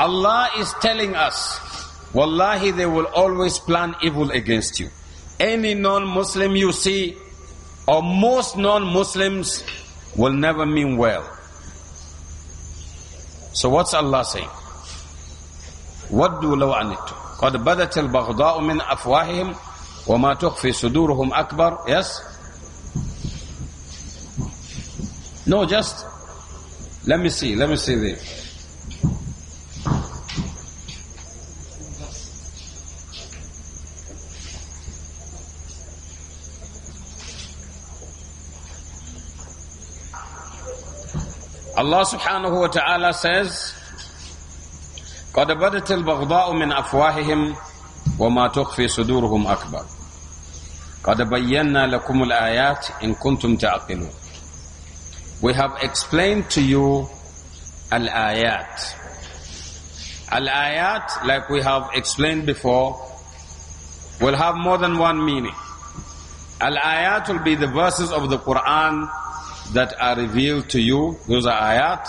Allah is telling us, Wallahi, they will always plan evil against you. Any non-Muslim you see, or most non-Muslims, will never mean well. So what's Allah saying? do لَوْ عَنِتُّ قَدْ بَدَتِ الْبَغْضَاءُ مِنْ أَفْوَاهِهِمْ وَمَا تُخْفِي صُدُورُهُمْ أَكْبَرُ Yes? No, just let me see, let me see the Allah subhanahu wa ta'ala says قد بدت البغضاء من أفواههم وما تخفي صدورهم أكبر قد بينا لكم الآيات إن كنتم تعقلون we have explained to you Al-Ayat. Al-Ayat, like we have explained before, will have more than one meaning. Al-Ayat will be the verses of the Quran that are revealed to you. Those are ayat.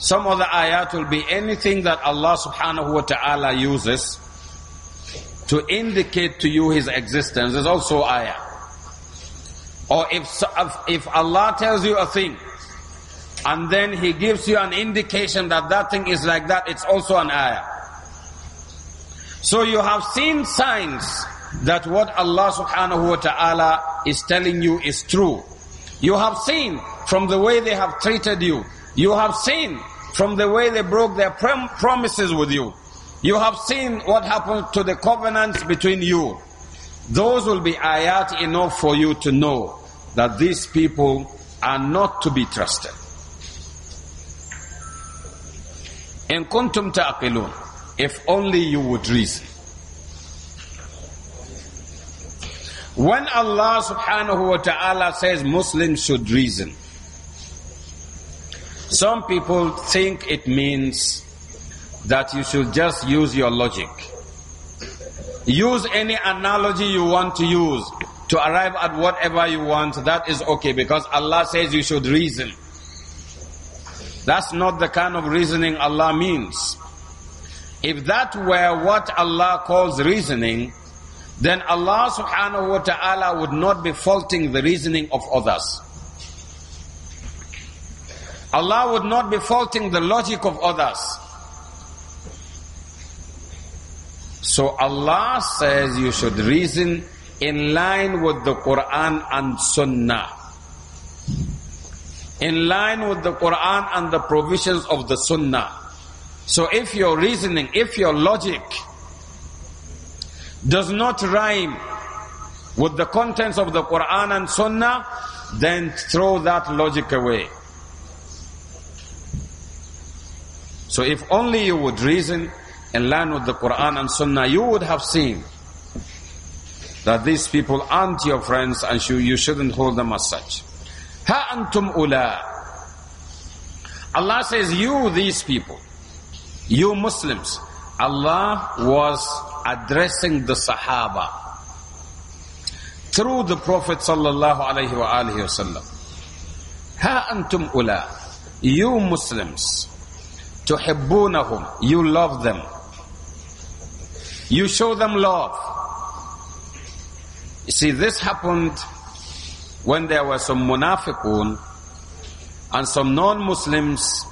Some of the ayat will be anything that Allah subhanahu wa ta'ala uses to indicate to you His existence. There's also ayat. Or if, if Allah tells you a thing, and then he gives you an indication that that thing is like that. It's also an ayah. So you have seen signs that what Allah subhanahu wa ta'ala is telling you is true. You have seen from the way they have treated you. You have seen from the way they broke their prom promises with you. You have seen what happened to the covenants between you. Those will be ayat enough for you to know that these people are not to be trusted. In kuntum ta'qilun. If only you would reason. When Allah subhanahu wa ta'ala says Muslims should reason, some people think it means that you should just use your logic. Use any analogy you want to use to arrive at whatever you want. That is okay because Allah says you should reason. That's not the kind of reasoning Allah means. If that were what Allah calls reasoning, then Allah subhanahu wa ta'ala would not be faulting the reasoning of others. Allah would not be faulting the logic of others. So Allah says you should reason in line with the Quran and Sunnah in line with the Quran and the provisions of the Sunnah. So if your reasoning, if your logic does not rhyme with the contents of the Quran and Sunnah, then throw that logic away. So if only you would reason in line with the Quran and Sunnah, you would have seen that these people aren't your friends and you shouldn't hold them as such. Ha antum ula. Allah says, you these people, you Muslims. Allah was addressing the Sahaba through the Prophet sallallahu alaihi wasallam. Ha antum ula. You Muslims. Tuhibbunahum. You love them. You show them love. You see, this happened when there were some munafiqun and some non-Muslims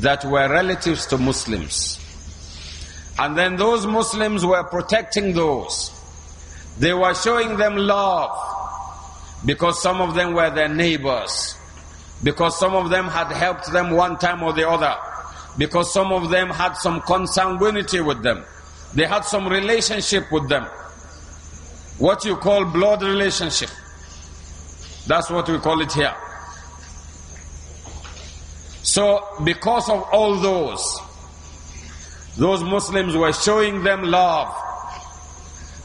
that were relatives to Muslims. And then those Muslims were protecting those. They were showing them love because some of them were their neighbors, because some of them had helped them one time or the other, because some of them had some consanguinity with them, they had some relationship with them. What you call blood relationship. That's what we call it here. So, because of all those, those Muslims were showing them love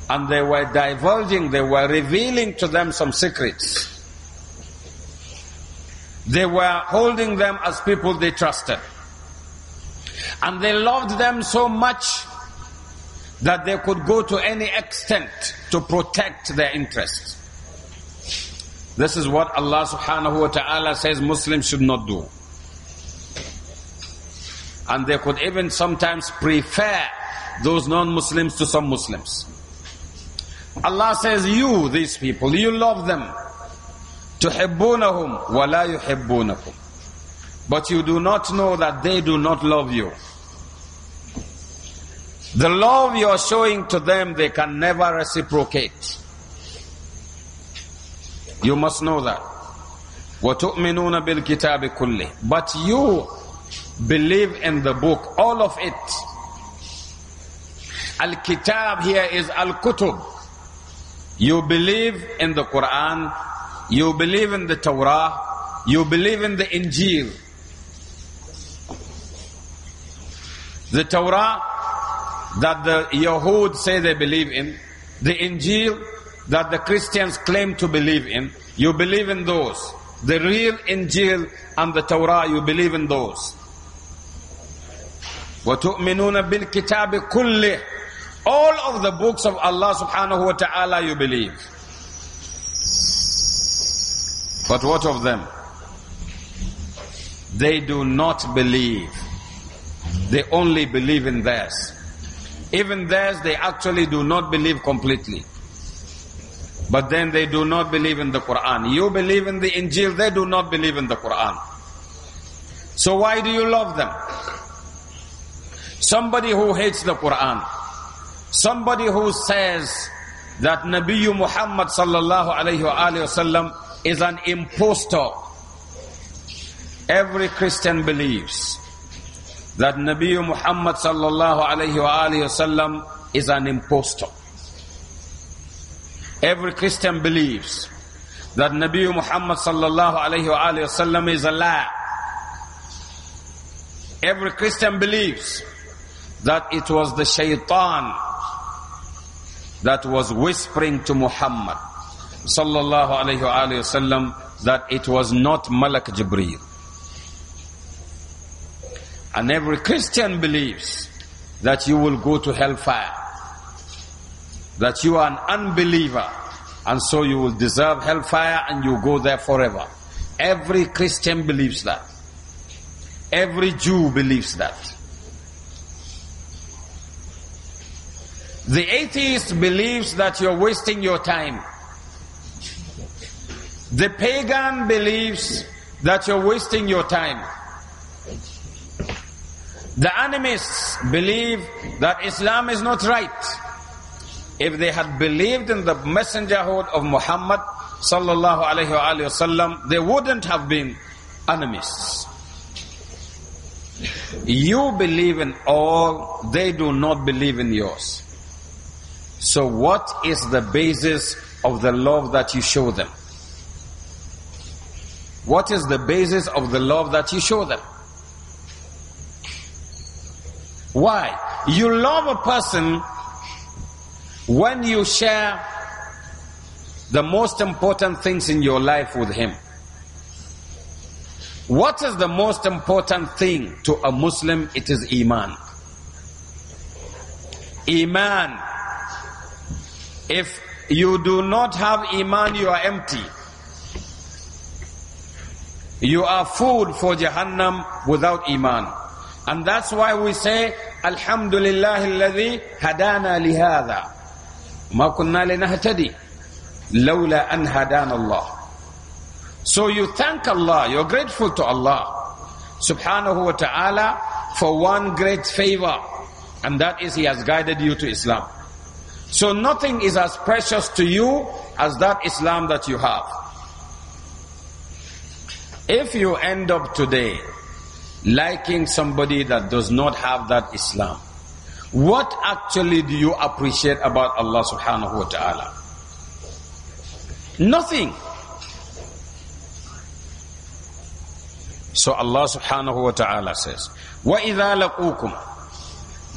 and they were divulging, they were revealing to them some secrets. They were holding them as people they trusted. And they loved them so much that they could go to any extent to protect their interests. This is what Allah subhanahu wa ta'ala says Muslims should not do. And they could even sometimes prefer those non-Muslims to some Muslims. Allah says, you, these people, you love them. تُحِبُّونَهُمْ وَلَا يُحِبُّونَكُمْ But you do not know that they do not love you. The love you are showing to them, they can never reciprocate. You must know that. وَتُؤْمِنُونَ بِالْكِتَابِ كُلِّهِ But you believe in the book, all of it. Al-Kitab here is Al-Kutub. You believe in the Quran, you believe in the Torah, you believe in the Injil. The Torah that the Yahud say they believe in, the Injil that the Christians claim to believe in, you believe in those. The real Injil and the Torah, you believe in those. وَتُؤْمِنُونَ بِالْكِتَابِ كُلِّهِ All of the books of Allah subhanahu wa ta'ala you believe. But what of them? They do not believe. They only believe in theirs. Even theirs, they actually do not believe completely. But then they do not believe in the Quran. You believe in the Injil, they do not believe in the Quran. So why do you love them? Somebody who hates the Quran, somebody who says that Nabi Muhammad sallallahu alayhi wasallam is an impostor. Every Christian believes that Nabi Muhammad sallallahu alayhi wasallam is an impostor. Every Christian believes that Nabi Muhammad sallallahu alayhi wa sallam is liar. Every Christian believes that it was the shaitan that was whispering to Muhammad sallallahu alayhi wa sallam that it was not Malak Jibreel. And every Christian believes that you will go to hellfire that you are an unbeliever and so you will deserve hellfire and you go there forever. Every Christian believes that. Every Jew believes that. The atheist believes that you're wasting your time. The pagan believes that you're wasting your time. The animists believe that Islam is not right if they had believed in the messengerhood of Muhammad sallallahu alaihi wasallam, they wouldn't have been enemies. You believe in all, they do not believe in yours. So what is the basis of the love that you show them? What is the basis of the love that you show them? Why? You love a person when you share the most important things in your life with him, what is the most important thing to a Muslim? It is Iman. Iman. If you do not have Iman, you are empty. You are food for Jahannam without Iman. And that's why we say, Alhamdulillah alladhi hadana lihada. ما كنا لنهتدي لولا أن هدانا الله So you thank Allah, you're grateful to Allah subhanahu wa ta'ala for one great favor and that is He has guided you to Islam. So nothing is as precious to you as that Islam that you have. If you end up today liking somebody that does not have that Islam, what actually do you appreciate about Allah subhanahu wa ta'ala? Nothing. So Allah subhanahu wa ta'ala says, وَإِذَا لَقُوكُمْ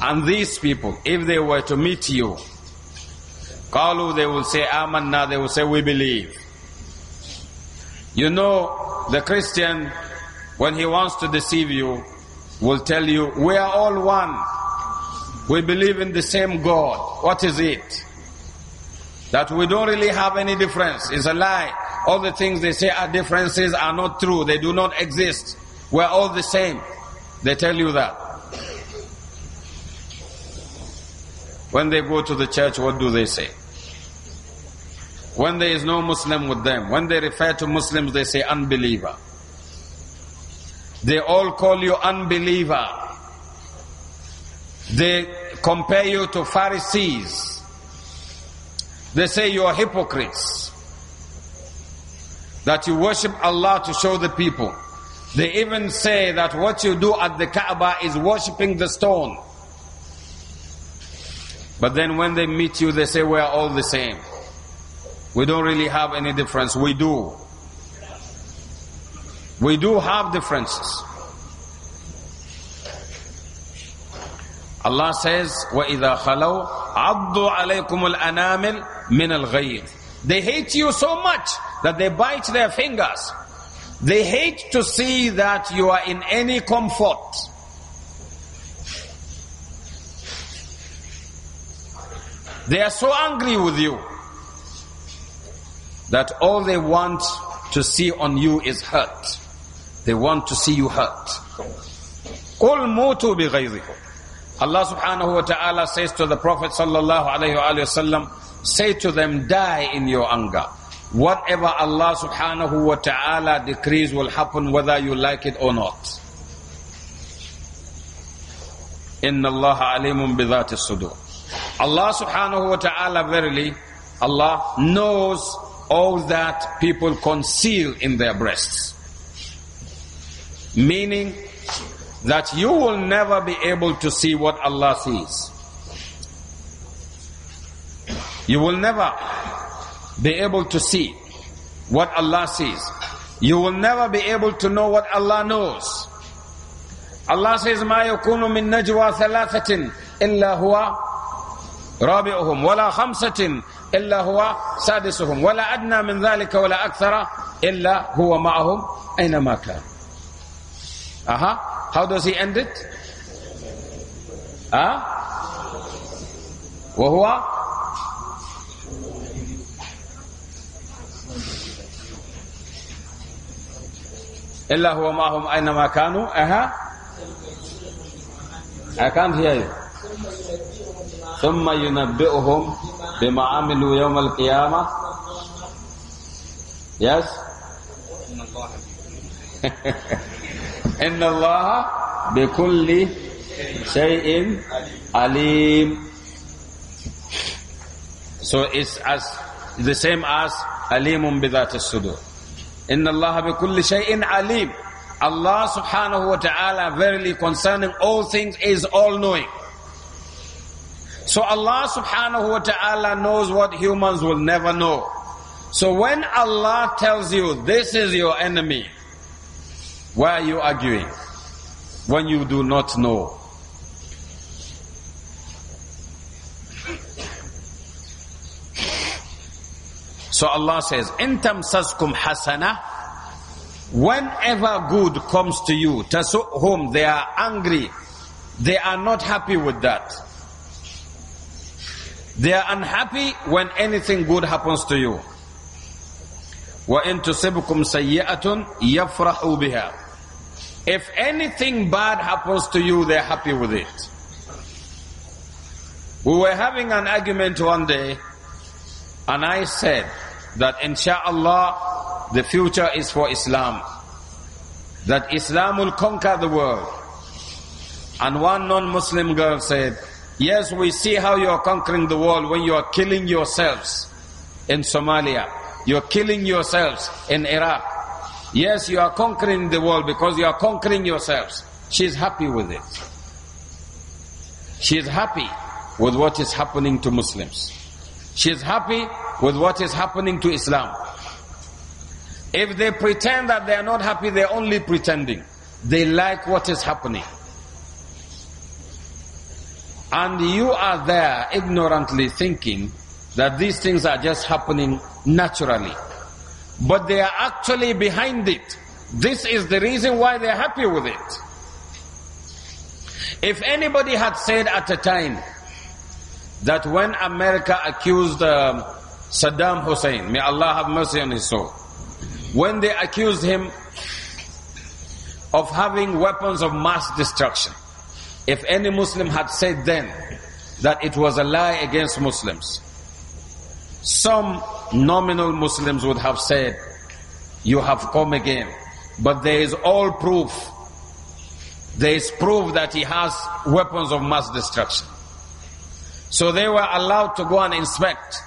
And these people, if they were to meet you, قالوا, they will say, آمَنَّا, they will say, we believe. You know, the Christian, when he wants to deceive you, will tell you, we are all one. We believe in the same God. What is it? That we don't really have any difference. It's a lie. All the things they say are differences are not true. They do not exist. We're all the same. They tell you that. When they go to the church, what do they say? When there is no Muslim with them, when they refer to Muslims, they say unbeliever. They all call you unbeliever. They compare you to Pharisees. They say you are hypocrites. That you worship Allah to show the people. They even say that what you do at the Kaaba is worshipping the stone. But then when they meet you, they say we are all the same. We don't really have any difference. We do. We do have differences. Allah says, وَإِذَا خَلَوْا عَضُّوا عَلَيْكُمُ الْأَنَامِلْ مِنَ الْغِيْرِ They hate you so much that they bite their fingers. They hate to see that you are in any comfort. They are so angry with you that all they want to see on you is hurt. They want to see you hurt. قُلْ مُوتُوا بِغَيْظِكُمْ Allah subhanahu wa ta'ala says to the Prophet sallallahu alayhi wa say to them, die in your anger. Whatever Allah subhanahu wa ta'ala decrees will happen whether you like it or not. Inna Allah alimun bidhati sudur. Allah subhanahu wa ta'ala verily, Allah knows all that people conceal in their breasts. Meaning, that you will never be able to see what Allah sees. You will never be able to see what Allah sees. You will never be able to know what Allah knows. Allah says, ما يكون من نجوى ثلاثة إلا هو رابعهم ولا خمسة إلا هو سادسهم ولا أدنى من ذلك ولا أكثر إلا هو معهم أينما كان. أها How does he end it? Huh? وهو إلا هو معهم أينما كانوا أها I can't hear you ثم ينبئهم بما عملوا يوم القيامة Yes إن الله بكل شيء عليم So it's as the same as alimun bidat sudur. Inna Allah bikulli shay'in alim. Allah subhanahu wa ta'ala verily concerning all things is all knowing. So Allah subhanahu wa ta'ala knows what humans will never know. So when Allah tells you this is your enemy, why are you arguing when you do not know? So Allah says, "In tamsaskum hasana." Whenever good comes to you, whom they are angry. They are not happy with that. They are unhappy when anything good happens to you. وَإِن تُصِبْكُمْ سَيِّئَةٌ يَفْرَحُوا بِهَا if anything bad happens to you, they're happy with it. We were having an argument one day, and I said that insha'Allah, the future is for Islam. That Islam will conquer the world. And one non-Muslim girl said, yes, we see how you are conquering the world when you are killing yourselves in Somalia. You're killing yourselves in Iraq. Yes, you are conquering the world because you are conquering yourselves. She is happy with it. She is happy with what is happening to Muslims. She is happy with what is happening to Islam. If they pretend that they are not happy, they are only pretending. They like what is happening. And you are there ignorantly thinking that these things are just happening naturally but they are actually behind it. This is the reason why they're happy with it. If anybody had said at a time that when America accused um, Saddam Hussein, may Allah have mercy on his soul, when they accused him of having weapons of mass destruction, if any Muslim had said then that it was a lie against Muslims, some nominal Muslims would have said, You have come again. But there is all proof. There is proof that he has weapons of mass destruction. So they were allowed to go and inspect.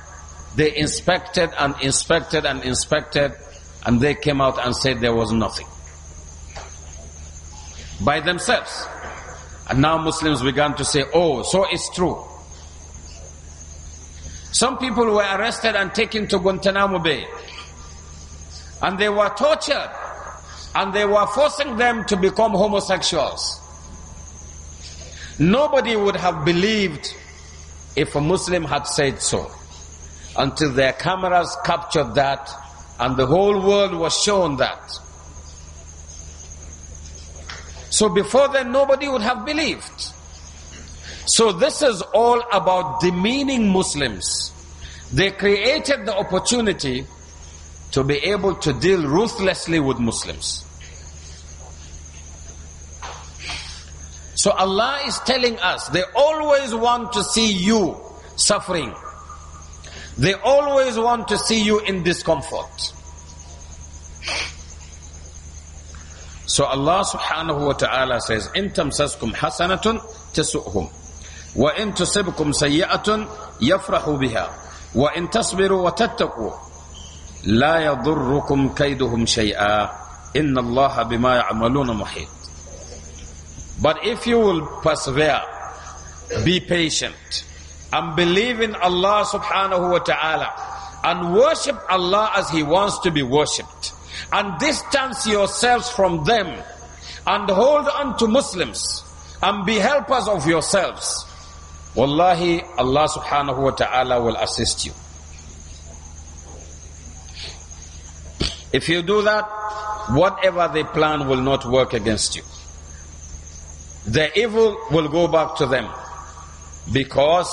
They inspected and inspected and inspected, and they came out and said there was nothing. By themselves. And now Muslims began to say, Oh, so it's true. Some people were arrested and taken to Guantanamo Bay. And they were tortured. And they were forcing them to become homosexuals. Nobody would have believed if a Muslim had said so. Until their cameras captured that and the whole world was shown that. So before then, nobody would have believed. So this is all about demeaning Muslims. They created the opportunity to be able to deal ruthlessly with Muslims. So Allah is telling us, they always want to see you suffering. They always want to see you in discomfort. So Allah subhanahu wa ta'ala says, إِن تَمْسَسْكُمْ حَسَنَةٌ تَسُؤْهُمْ وإن تصبكم سيئة يفرحوا بها وإن تصبروا وتتقوا لا يضركم كيدهم شيئا إن الله بما يعملون محيط But if you will persevere, be patient, and believe in Allah subhanahu wa ta'ala, and worship Allah as He wants to be worshipped, and distance yourselves from them, and hold on to Muslims, and be helpers of yourselves, Wallahi, Allah subhanahu wa ta'ala will assist you. If you do that, whatever they plan will not work against you. The evil will go back to them because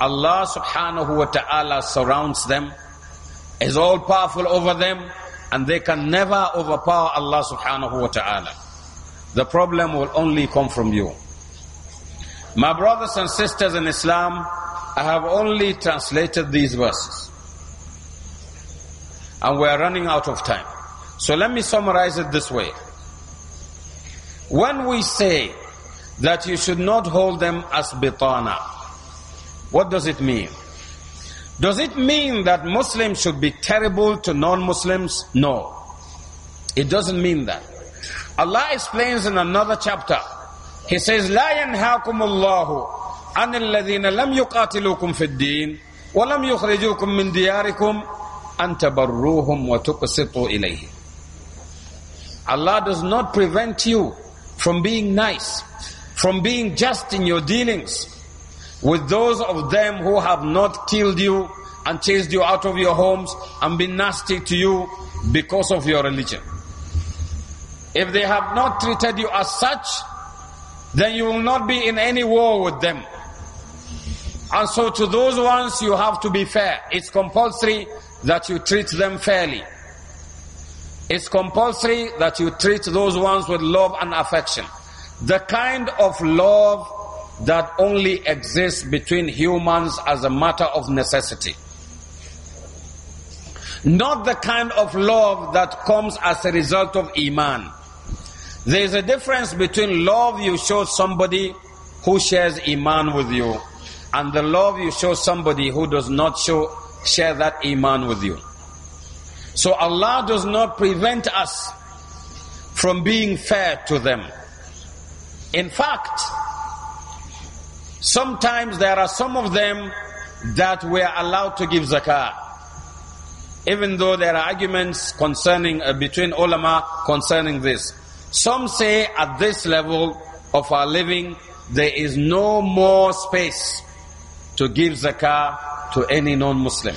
Allah subhanahu wa ta'ala surrounds them, is all powerful over them, and they can never overpower Allah subhanahu wa ta'ala. The problem will only come from you. My brothers and sisters in Islam, I have only translated these verses. And we are running out of time. So let me summarize it this way. When we say that you should not hold them as bitana, what does it mean? Does it mean that Muslims should be terrible to non-Muslims? No. It doesn't mean that. Allah explains in another chapter he says, لا ينهاكم الله عن الذين لم يقاتلوكم في الدين ولم يخرجوكم من دياركم أن تبروهم وتقسطوا إليه." Allah does not prevent you from being nice, from being just in your dealings with those of them who have not killed you and chased you out of your homes and been nasty to you because of your religion. If they have not treated you as such, then you will not be in any war with them. And so to those ones, you have to be fair. It's compulsory that you treat them fairly. It's compulsory that you treat those ones with love and affection. The kind of love that only exists between humans as a matter of necessity. Not the kind of love that comes as a result of Iman. There is a difference between love you show somebody who shares Iman with you and the love you show somebody who does not show, share that Iman with you. So Allah does not prevent us from being fair to them. In fact, sometimes there are some of them that we are allowed to give zakah. Even though there are arguments concerning uh, between ulama concerning this. Some say at this level of our living, there is no more space to give zakah to any non-Muslim.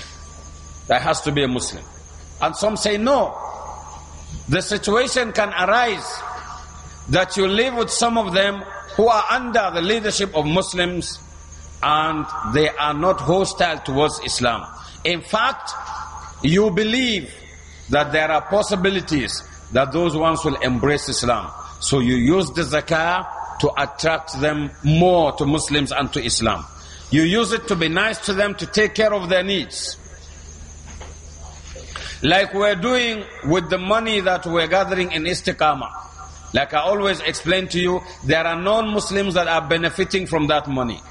There has to be a Muslim. And some say no. The situation can arise that you live with some of them who are under the leadership of Muslims and they are not hostile towards Islam. In fact, you believe that there are possibilities that those ones will embrace Islam. So you use the zakah to attract them more to Muslims and to Islam. You use it to be nice to them, to take care of their needs. Like we're doing with the money that we're gathering in Istiqamah. Like I always explain to you, there are non-Muslims that are benefiting from that money.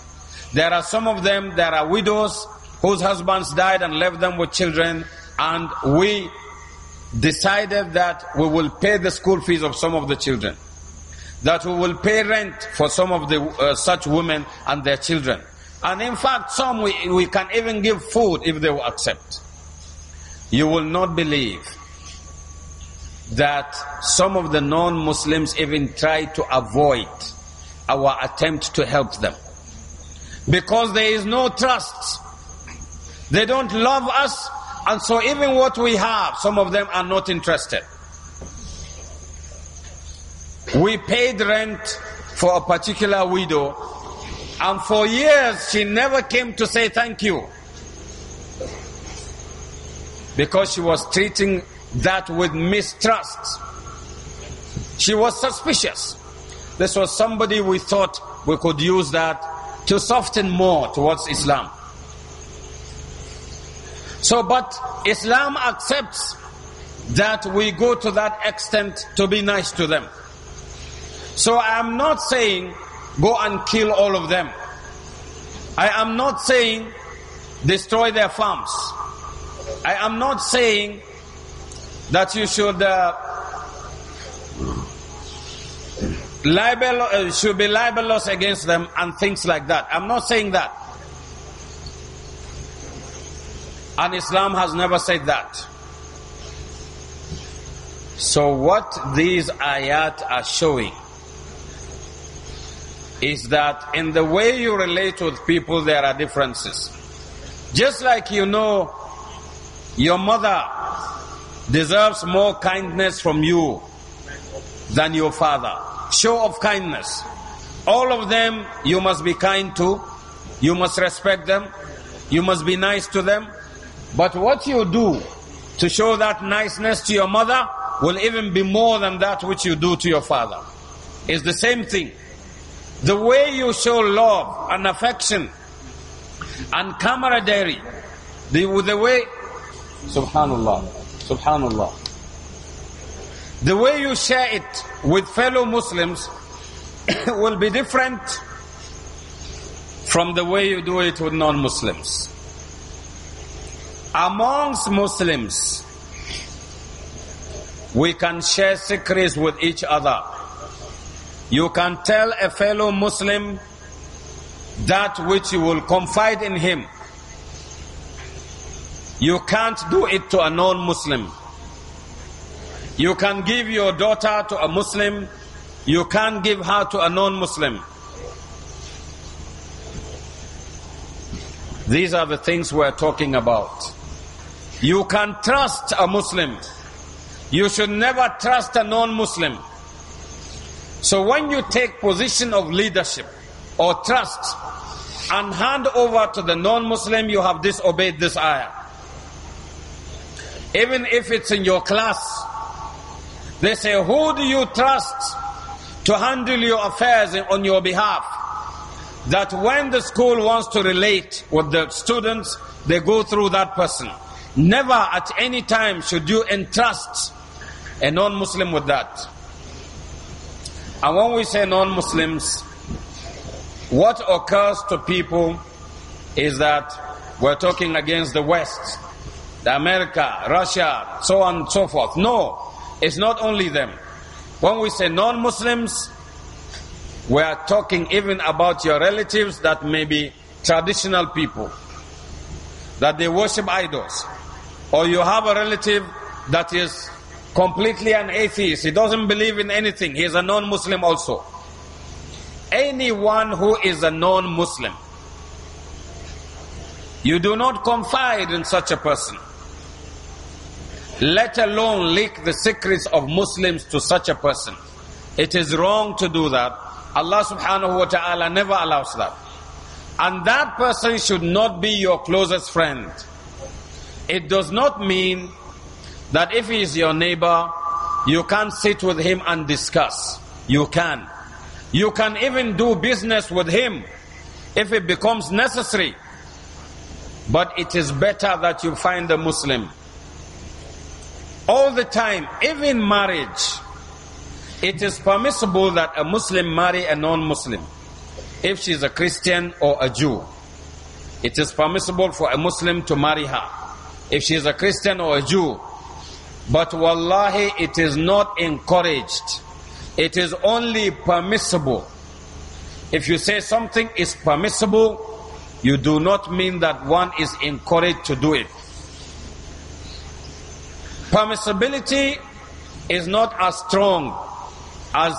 There are some of them, there are widows whose husbands died and left them with children. And we decided that we will pay the school fees of some of the children, that we will pay rent for some of the uh, such women and their children. And in fact, some we, we can even give food if they will accept. You will not believe that some of the non Muslims even try to avoid our attempt to help them. Because there is no trust. They don't love us and so even what we have, some of them are not interested. We paid rent for a particular widow and for years she never came to say thank you because she was treating that with mistrust. She was suspicious. This was somebody we thought we could use that to soften more towards Islam. So, but Islam accepts that we go to that extent to be nice to them. So I am not saying go and kill all of them. I am not saying destroy their farms. I am not saying that you should uh, libel uh, should be libelous against them and things like that. I'm not saying that. And Islam has never said that. So what these ayat are showing is that in the way you relate with people, there are differences. Just like you know your mother deserves more kindness from you than your father. Show of kindness. All of them you must be kind to, you must respect them, you must be nice to them, but what you do to show that niceness to your mother will even be more than that which you do to your father. It's the same thing. The way you show love and affection and camaraderie, the, the way, subhanallah, subhanallah, the way you share it with fellow Muslims will be different from the way you do it with non-Muslims amongst Muslims, we can share secrets with each other. You can tell a fellow Muslim that which you will confide in him. You can't do it to a non Muslim. You can give your daughter to a Muslim, you can't give her to a non Muslim. These are the things we're talking about. You can trust a Muslim. You should never trust a non-Muslim. So when you take position of leadership or trust and hand over to the non-Muslim, you have disobeyed this ayah. Even if it's in your class, they say, who do you trust to handle your affairs on your behalf? That when the school wants to relate with the students, they go through that person. Never at any time should you entrust a non Muslim with that. And when we say non Muslims, what occurs to people is that we're talking against the West, the America, Russia, so on and so forth. No, it's not only them. When we say non Muslims, we are talking even about your relatives that may be traditional people, that they worship idols or you have a relative that is completely an atheist, he doesn't believe in anything, he is a non Muslim also. Anyone who is a non Muslim, you do not confide in such a person, let alone leak the secrets of Muslims to such a person. It is wrong to do that. Allah subhanahu wa ta'ala never allows that. And that person should not be your closest friend. It does not mean that if he is your neighbor, you can't sit with him and discuss. You can. You can even do business with him if it becomes necessary. But it is better that you find a Muslim. All the time, even marriage, it is permissible that a Muslim marry a non Muslim if she is a Christian or a Jew. It is permissible for a Muslim to marry her if she is a Christian or a Jew. But wallahi, it is not encouraged. It is only permissible. If you say something is permissible, you do not mean that one is encouraged to do it. Permissibility is not as strong as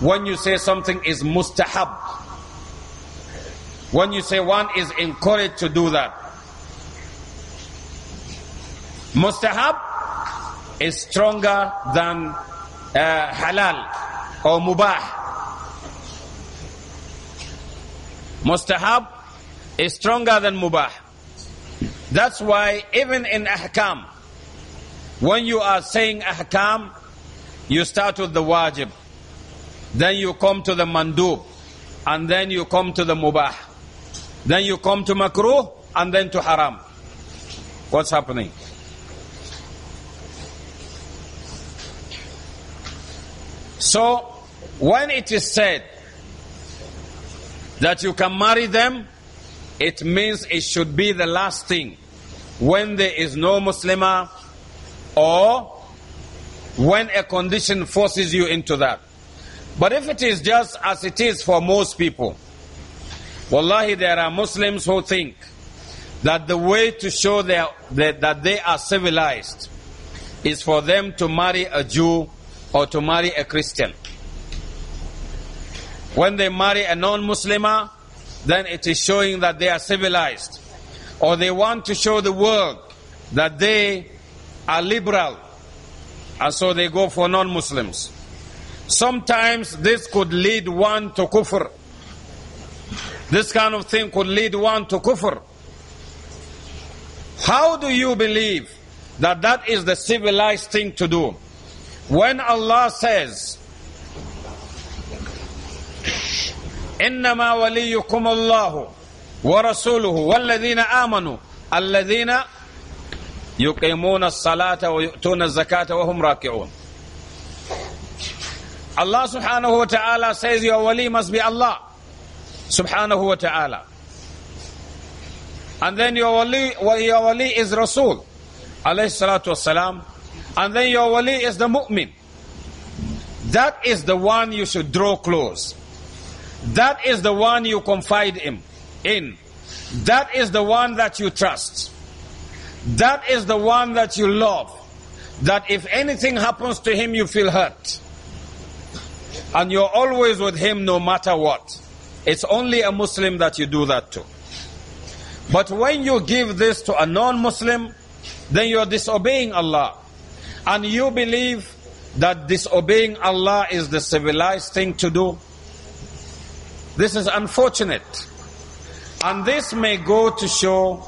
when you say something is mustahab. When you say one is encouraged to do that. Mustahab is stronger than uh, halal or mubah. Mustahab is stronger than mubah. That's why even in ahkam, when you are saying ahkam, you start with the wajib. Then you come to the mandub. And then you come to the mubah. Then you come to makruh and then to haram. What's happening? So, when it is said that you can marry them, it means it should be the last thing when there is no Muslimah or when a condition forces you into that. But if it is just as it is for most people, wallahi, there are Muslims who think that the way to show their, that, that they are civilized is for them to marry a Jew or to marry a Christian. When they marry a non Muslimah, then it is showing that they are civilized. Or they want to show the world that they are liberal. And so they go for non Muslims. Sometimes this could lead one to kufr. This kind of thing could lead one to kufr. How do you believe that that is the civilized thing to do? When Allah says, إنما وليكم الله ورسوله والذين آمنوا الذين يقيمون الصلاة ويؤتون الزكاة وهم راكعون Allah subhanahu wa ta'ala says your wali must be Allah subhanahu wa ta'ala and then your wali, your wali is Rasul alayhi salatu wasalam and then your wali is the mu'min. That is the one you should draw close. That is the one you confide in. in. That is the one that you trust. That is the one that you love. That if anything happens to him, you feel hurt. And you're always with him no matter what. It's only a Muslim that you do that to. But when you give this to a non Muslim, then you're disobeying Allah and you believe that disobeying Allah is the civilized thing to do. This is unfortunate. And this may go to show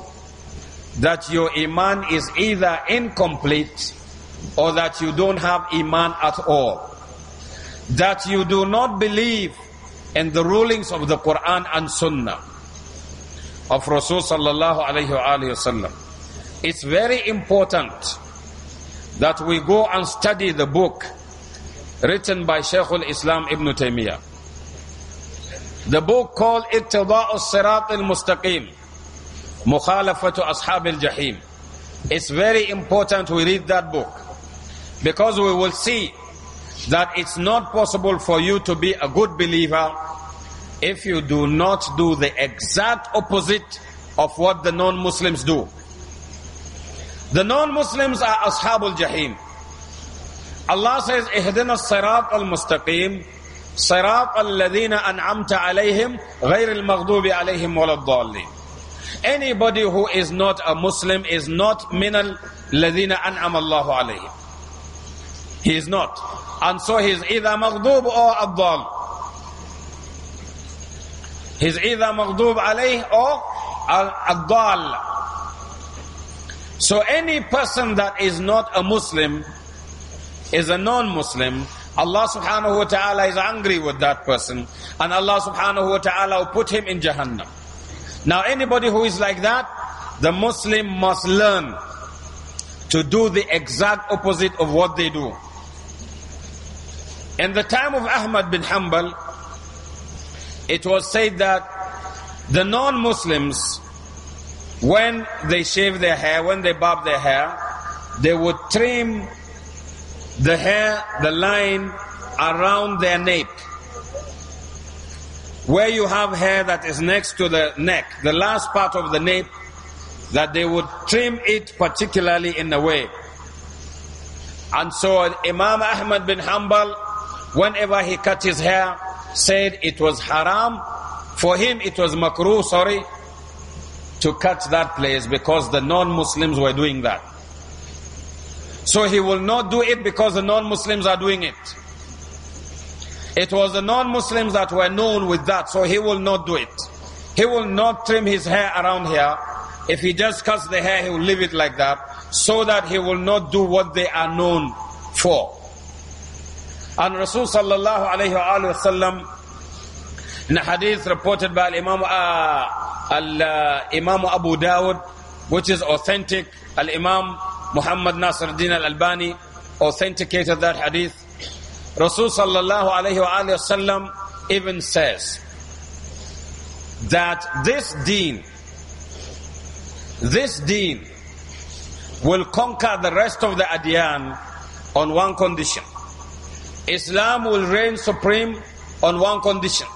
that your Iman is either incomplete or that you don't have Iman at all. That you do not believe in the rulings of the Quran and Sunnah of Rasulullah sallallahu It's very important that we go and study the book written by Shaykh al-Islam Ibn Taymiyyah. The book called Ittiba'u al-Sirat al-Mustaqim, Mukhalafatu Ashab al-Jahim. It's very important we read that book because we will see that it's not possible for you to be a good believer if you do not do the exact opposite of what the non-Muslims do. The non-Muslims are Ashabul Jahim. Allah says, اهدنا الصراط المستقيم صراط الذين أنعمت عليهم غير المغضوب عليهم ولا الضالين. Anybody who is not a Muslim is not من الذين أنعم الله عليهم. He is not. And so he is either مغضوب or الضال. He is either مغضوب عليه or الضال. So any person that is not a Muslim is a non-Muslim. Allah subhanahu wa ta'ala is angry with that person and Allah subhanahu wa ta'ala will put him in Jahannam. Now anybody who is like that, the Muslim must learn to do the exact opposite of what they do. In the time of Ahmad bin Hanbal, it was said that the non-Muslims when they shave their hair, when they bob their hair, they would trim the hair, the line around their nape. Where you have hair that is next to the neck, the last part of the nape, that they would trim it particularly in a way. And so Imam Ahmad bin Hanbal, whenever he cut his hair, said it was haram. For him, it was makruh, sorry, to cut that place because the non-Muslims were doing that. So he will not do it because the non-Muslims are doing it. It was the non-Muslims that were known with that, so he will not do it. He will not trim his hair around here. If he just cuts the hair, he will leave it like that, so that he will not do what they are known for. And Rasul sallallahu alayhi wa sallam in a hadith reported by Imam uh, Imam Abu Dawud, which is authentic, Al Imam Muhammad Nasruddin Al Albani authenticated that hadith. Rasul sallallahu alayhi wa sallam even says that this deen, this deen will conquer the rest of the Adiyan on one condition. Islam will reign supreme on one condition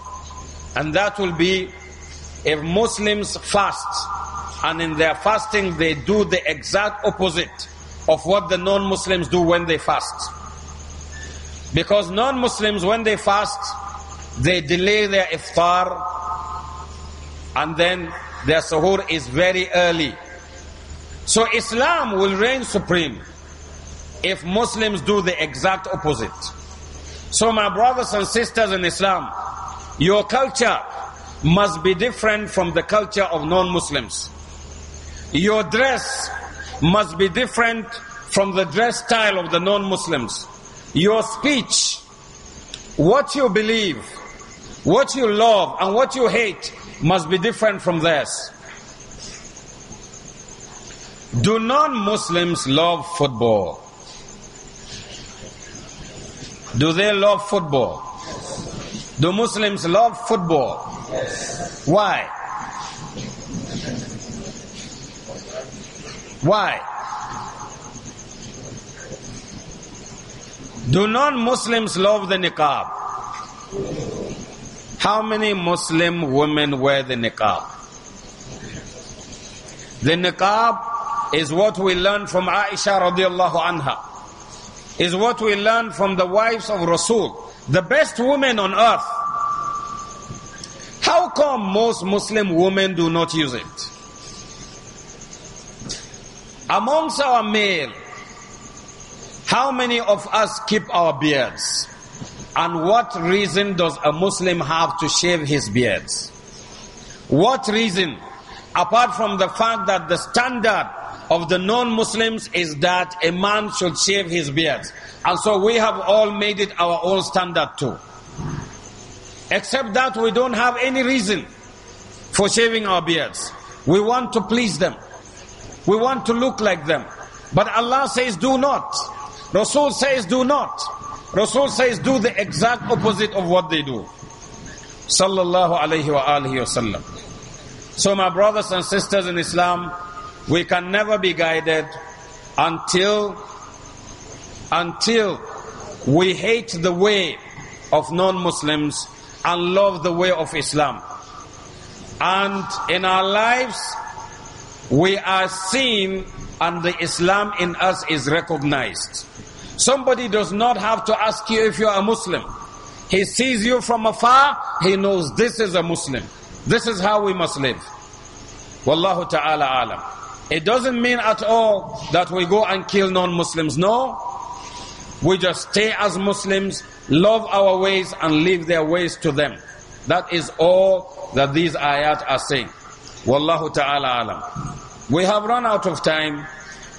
and that will be if Muslims fast and in their fasting they do the exact opposite of what the non-Muslims do when they fast. Because non-Muslims when they fast, they delay their iftar and then their suhoor is very early. So Islam will reign supreme if Muslims do the exact opposite. So my brothers and sisters in Islam, your culture must be different from the culture of non-Muslims. Your dress must be different from the dress style of the non-Muslims. Your speech, what you believe, what you love and what you hate must be different from theirs. Do non-Muslims love football? Do they love football? Do Muslims love football? Yes. Why? Why? Do non Muslims love the niqab? How many Muslim women wear the niqab? The niqab is what we learn from Aisha radiallahu anha, is what we learn from the wives of Rasul the best woman on earth. How come most Muslim women do not use it? Amongst our male, how many of us keep our beards? And what reason does a Muslim have to shave his beards? What reason? Apart from the fact that the standard of the non-Muslims is that a man should shave his beard. And so we have all made it our own standard too. Except that we don't have any reason for shaving our beards. We want to please them. We want to look like them. But Allah says do not. Rasul says do not. Rasul says do the exact opposite of what they do. Sallallahu alayhi wa alihi wa So my brothers and sisters in Islam, we can never be guided until, until we hate the way of non-Muslims and love the way of Islam. And in our lives, we are seen and the Islam in us is recognized. Somebody does not have to ask you if you are a Muslim. He sees you from afar, he knows this is a Muslim. This is how we must live. Wallahu ta'ala alam. It doesn't mean at all that we go and kill non-Muslims. No. We just stay as Muslims, love our ways and leave their ways to them. That is all that these ayat are saying. Wallahu ta'ala alam. We have run out of time.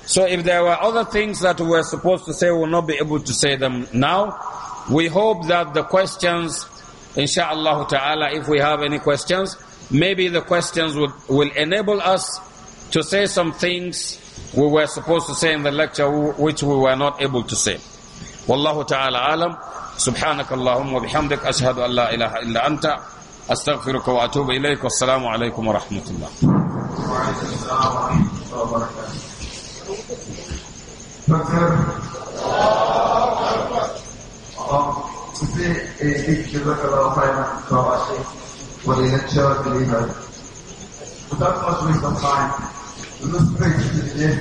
So if there were other things that we were supposed to say, we will not be able to say them now. We hope that the questions, inshallah ta'ala, if we have any questions, maybe the questions will enable us to say some things we were supposed to say in the lecture which we were not able to say. Wallahu ta'ala alam. سبحانك اللهم وبحمدك أشهد أن لا إله إلا أنت أستغفرك وأتوب إليك والسلام عليكم ورحمة الله وبركاته Today, our waste time, illustrated it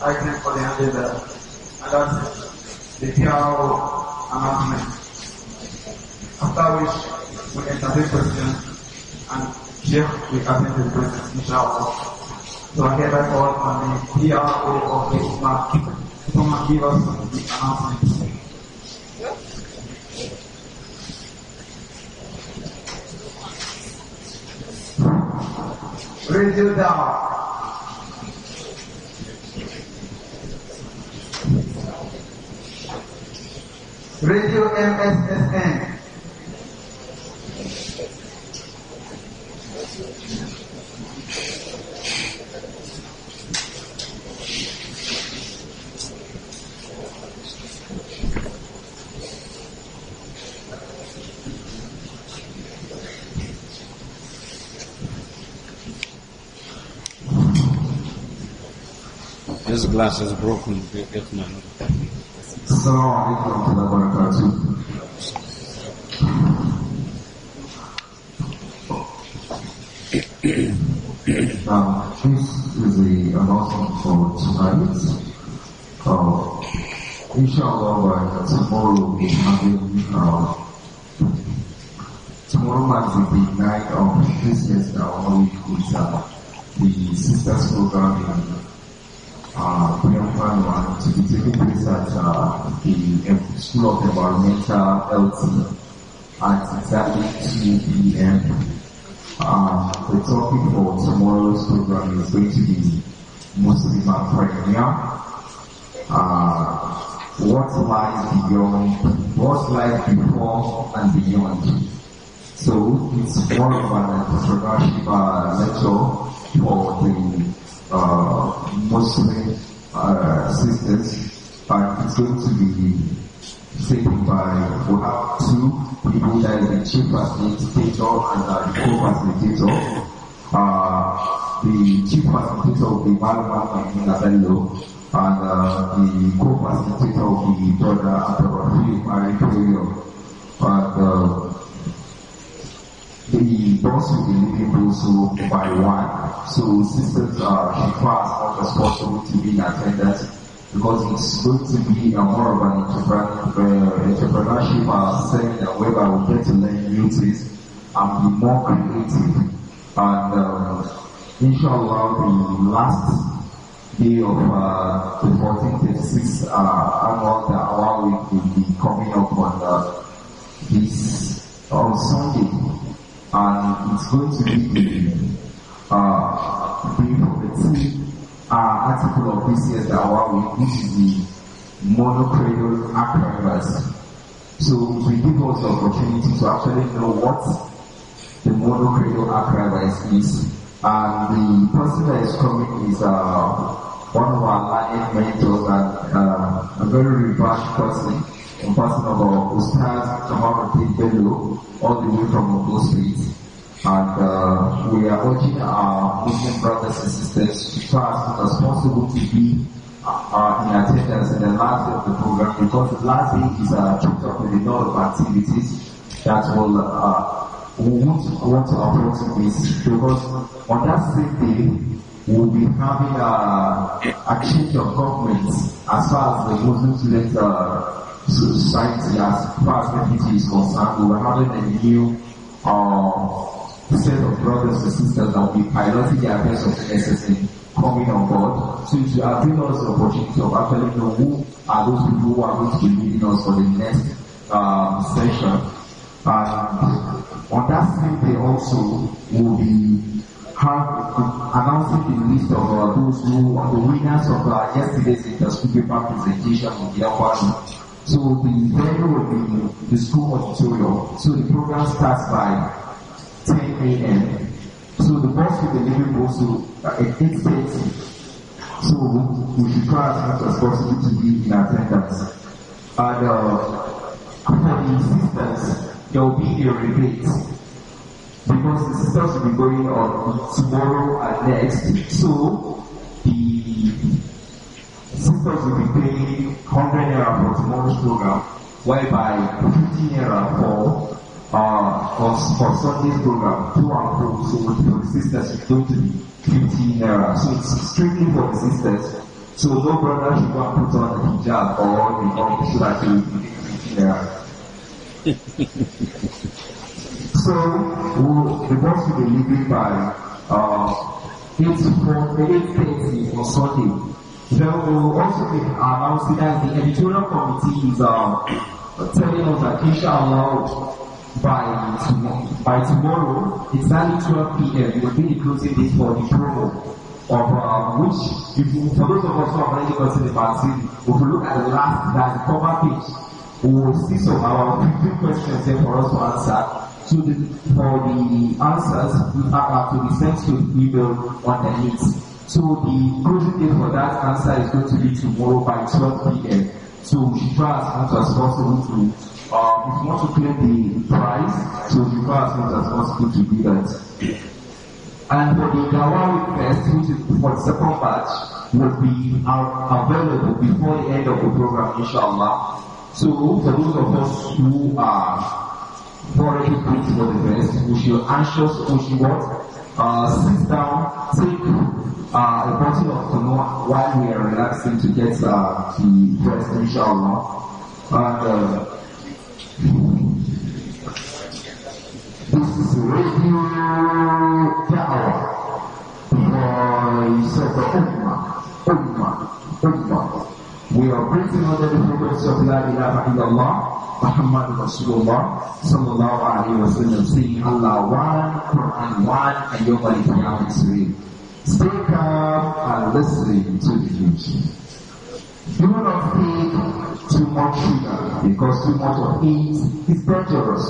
item for the handed and that's the PR announcement. After which we entertain questions and here we can the questions inshallah. So I hereby call on the PRO of the to come and give us the announcement. Radio Radio MSSN. His glass is broken, Iqman. السلام عليكم ورحمة الله وبركاته this is the announcement for tonight. Uh, inshallah, by tomorrow we'll be uh, tomorrow the night of this year's uh, the Sisters Program in uh, we are One to be taking place at uh, the uh, School of Environmental Health at exactly 2 p.m. Uh, um, the topic for tomorrow's program is going to be Muslim prayer. Uh, what lies beyond, what lies before and beyond. So it's more of an entrepreneurship uh, lecture for the Muslim uh, sisters, but it's going to be simplified. We have two people that is the chief facilitator and uh, the co-facilitator. Uh, the chief facilitator of the Malama and Nadello, and uh, the co-facilitator of the daughter Abdurrahim Arifio. And uh, the boss will be leaving those who by one. So sisters are requires much responsibility being attended because it's going to be a more of an entrepreneurship uh, setting uh, whereby we get to learn new things and be more creative. And um, inshallah, the last day of uh, the 1436 uh, annual our week will be coming up on uh, this on Sunday. and it's going to be in uh, brief of the two uh, article of this year's we which is the monocranial apparatus. So it will give us the opportunity to actually know what the monocranial apparatus is. And the person that is coming is uh, one of our learning mentors and uh, a very revered person in person of our Ustaz Jamaluddin Bello, all the way from Ogo Street. And uh, we are urging our Muslim brothers and sisters to try as soon as possible to be uh, uh, in attendance in the last day of the program because the last day is uh, choked up with a lot of activities that will uh, we won't want to approach this because on that same day we'll be having uh, a change of government as far as the Muslim students uh, society as far as refugee is concerned. We are having a new uh, set of brothers and sisters that will be piloting the affairs of SSN coming on board. So it will bring us the opportunity of actually know who are those people who are going to be leading us for the next um, session. And on that same day also will be have announcing the list of uh, those who are the winners of uh, yesterday's interschool paper presentation so the venue will be the school auditorium. So the program starts by 10 a.m. So the bus will be leaving also uh, at 8.30. So we, we should try as much as possible to be in attendance. And uh, the sisters, there will be a rebate because the sisters will be going on tomorrow and next. So the Sisters will be paying 100 naira for tomorrow's program, whereby 50 naira for uh, for, for Sunday's program, two and four. So for the sisters, it's going to be 50 naira. So it's strictly for the sisters. So no brother should go and put on the hijab or the orange should actually be 50 naira. so we'll, the boss will be leaving by uh, 8 to 4, 8.30 on Sunday. So we'll also be announcing that the editorial committee is telling us that inshallah by, tom- by tomorrow, exactly 12 p.m., we'll be closing this for the promo of uh, which, if, for those of us who have already gotten the vaccine, if we look at the last, that's the cover page, we will see some of our preview questions there for us to answer. So the, for the answers, we uh, have uh, to be sent to the email on the list. So the closing date for that answer is going to be tomorrow by 12 p.m. So we should try as much as possible to, uh, if you want to claim the prize, so you try as much as possible to do that. And for the Gawari Fest, which is for the second batch, will be available before the end of the program, inshallah. So for those of us who are already waiting for the fest, we should anxious, we should what? Uh, sit down, take uh, the person of Tonoa while we are relaxing to get uh, the rest, inshallah. And uh, this is radio da'wah voice of the Ummah, Ummah, Ummah. We are breathing under the fragrance of La ilaha illallah, Muhammad Rasulullah, sallallahu alayhi wa sallam, saying Allah one, Quran one, and your body is real. Stay calm and listening to the news. Do not take too much sugar because too much of it is dangerous.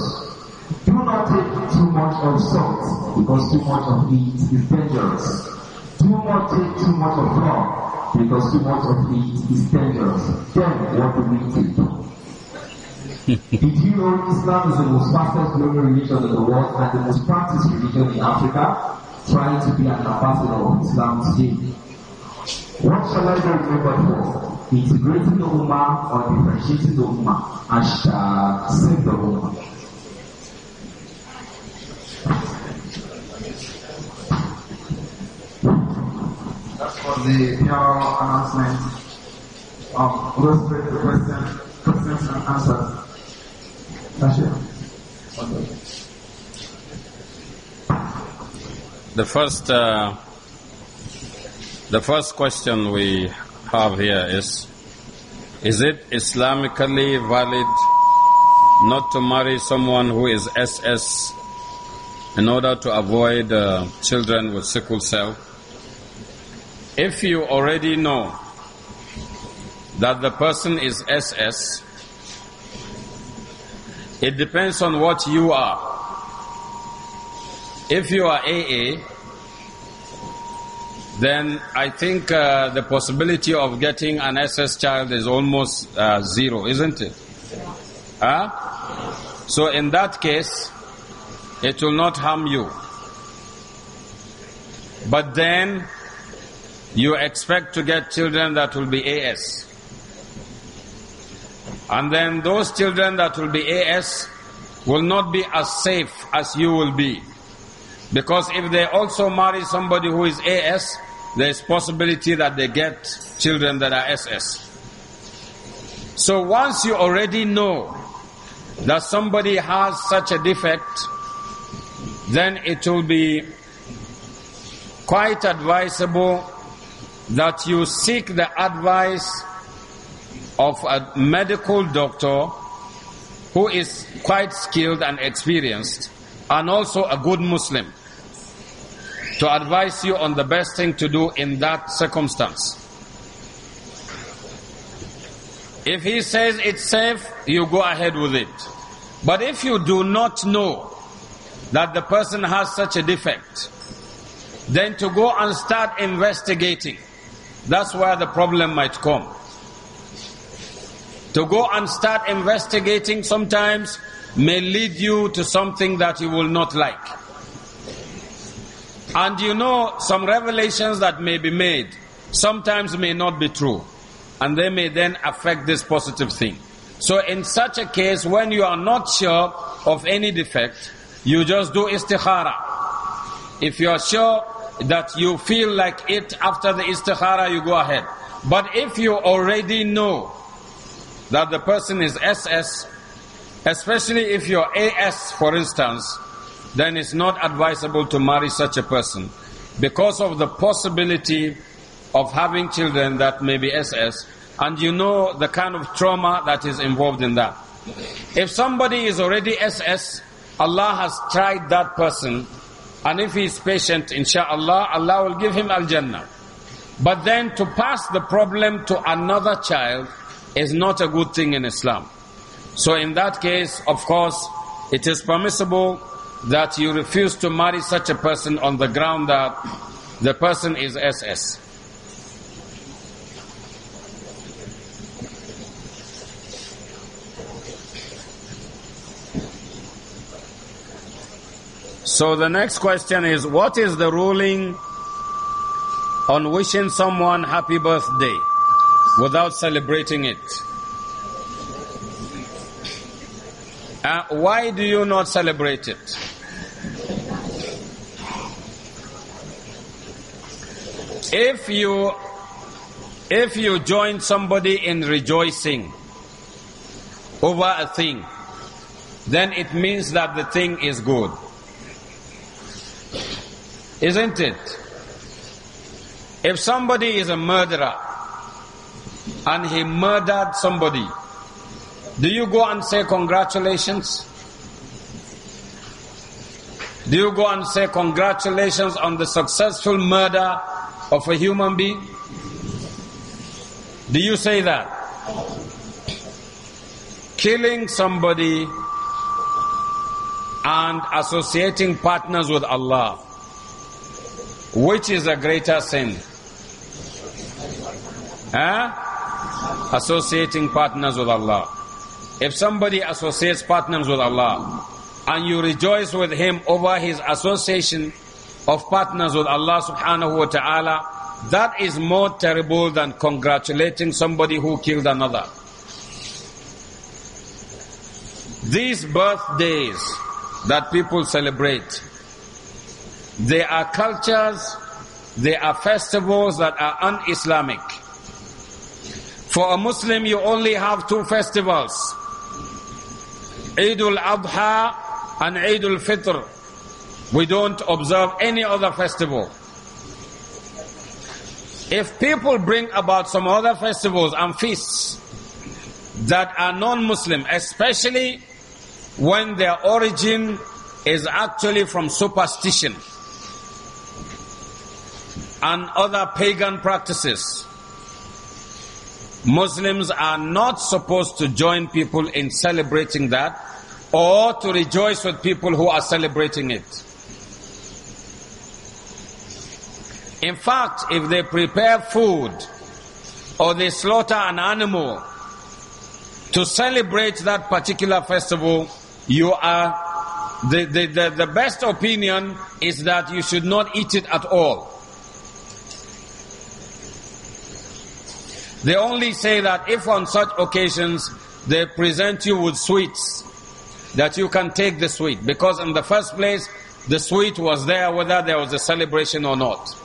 Do not take too much of salt because too much of it is dangerous. Do not take too much of flour because too much of it is dangerous. Then what do we take? Did you know Islam is the most fastest growing religion in the world and the most practiced religion in Africa? trying to be an ambassador of Islam today. What shall I do forward for? Integrating the Ummah or differentiating the Ummah and shall save the Ummah. That's for the PR announcement Um, let's those the question, questions and answers. Thank you. Okay. The first, uh, the first question we have here is, is it Islamically valid not to marry someone who is SS in order to avoid uh, children with sickle cell? If you already know that the person is SS, it depends on what you are. If you are AA, then I think uh, the possibility of getting an SS child is almost uh, zero, isn't it? Huh? So in that case, it will not harm you. But then you expect to get children that will be AS. And then those children that will be AS will not be as safe as you will be. Because if they also marry somebody who is AS, there is possibility that they get children that are SS. So once you already know that somebody has such a defect, then it will be quite advisable that you seek the advice of a medical doctor who is quite skilled and experienced and also a good Muslim to advise you on the best thing to do in that circumstance. If he says it's safe, you go ahead with it. But if you do not know that the person has such a defect, then to go and start investigating, that's where the problem might come. To go and start investigating sometimes may lead you to something that you will not like. And you know, some revelations that may be made sometimes may not be true. And they may then affect this positive thing. So, in such a case, when you are not sure of any defect, you just do istikhara. If you are sure that you feel like it after the istikhara, you go ahead. But if you already know that the person is SS, especially if you're AS, for instance, then it's not advisable to marry such a person because of the possibility of having children that may be SS, and you know the kind of trauma that is involved in that. If somebody is already SS, Allah has tried that person, and if he is patient, insha'Allah, Allah will give him Al Jannah. But then to pass the problem to another child is not a good thing in Islam. So in that case, of course, it is permissible that you refuse to marry such a person on the ground that the person is SS. So the next question is what is the ruling on wishing someone happy birthday without celebrating it? Uh, why do you not celebrate it? If you, if you join somebody in rejoicing over a thing, then it means that the thing is good. Isn't it? If somebody is a murderer and he murdered somebody, do you go and say congratulations? Do you go and say congratulations on the successful murder of a human being? Do you say that? Killing somebody and associating partners with Allah, which is a greater sin? Huh? Associating partners with Allah. If somebody associates partners with Allah and you rejoice with him over his association, of partners with Allah subhanahu wa ta'ala, that is more terrible than congratulating somebody who killed another. These birthdays that people celebrate, they are cultures, they are festivals that are un-Islamic. For a Muslim, you only have two festivals. Eid al-Adha and Eid al-Fitr. We don't observe any other festival. If people bring about some other festivals and feasts that are non-Muslim, especially when their origin is actually from superstition and other pagan practices, Muslims are not supposed to join people in celebrating that or to rejoice with people who are celebrating it. In fact, if they prepare food or they slaughter an animal to celebrate that particular festival, you are the, the, the, the, best opinion is that you should not eat it at all. They only say that if on such occasions they present you with sweets, that you can take the sweet. Because in the first place, the sweet was there whether there was a celebration or not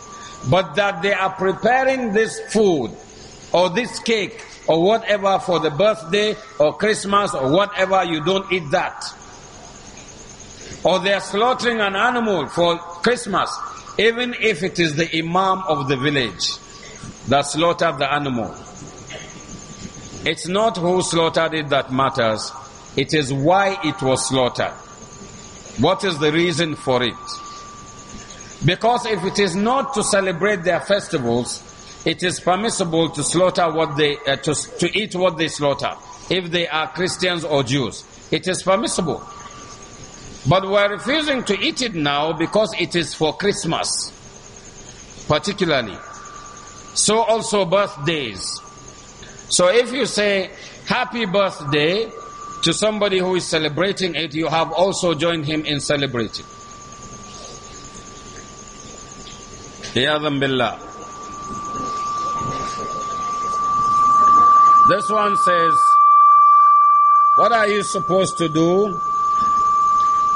but that they are preparing this food or this cake or whatever for the birthday or Christmas or whatever, you don't eat that. Or they are slaughtering an animal for Christmas, even if it is the imam of the village that slaughtered the animal. It's not who slaughtered it that matters, it is why it was slaughtered. What is the reason for it? Because if it is not to celebrate their festivals, it is permissible to slaughter what they, uh, to, to eat what they slaughter, if they are Christians or Jews. It is permissible. But we're refusing to eat it now because it is for Christmas, particularly. So also birthdays. So if you say happy birthday to somebody who is celebrating it, you have also joined him in celebrating. Iyadhan Billah. This one says, What are you supposed to do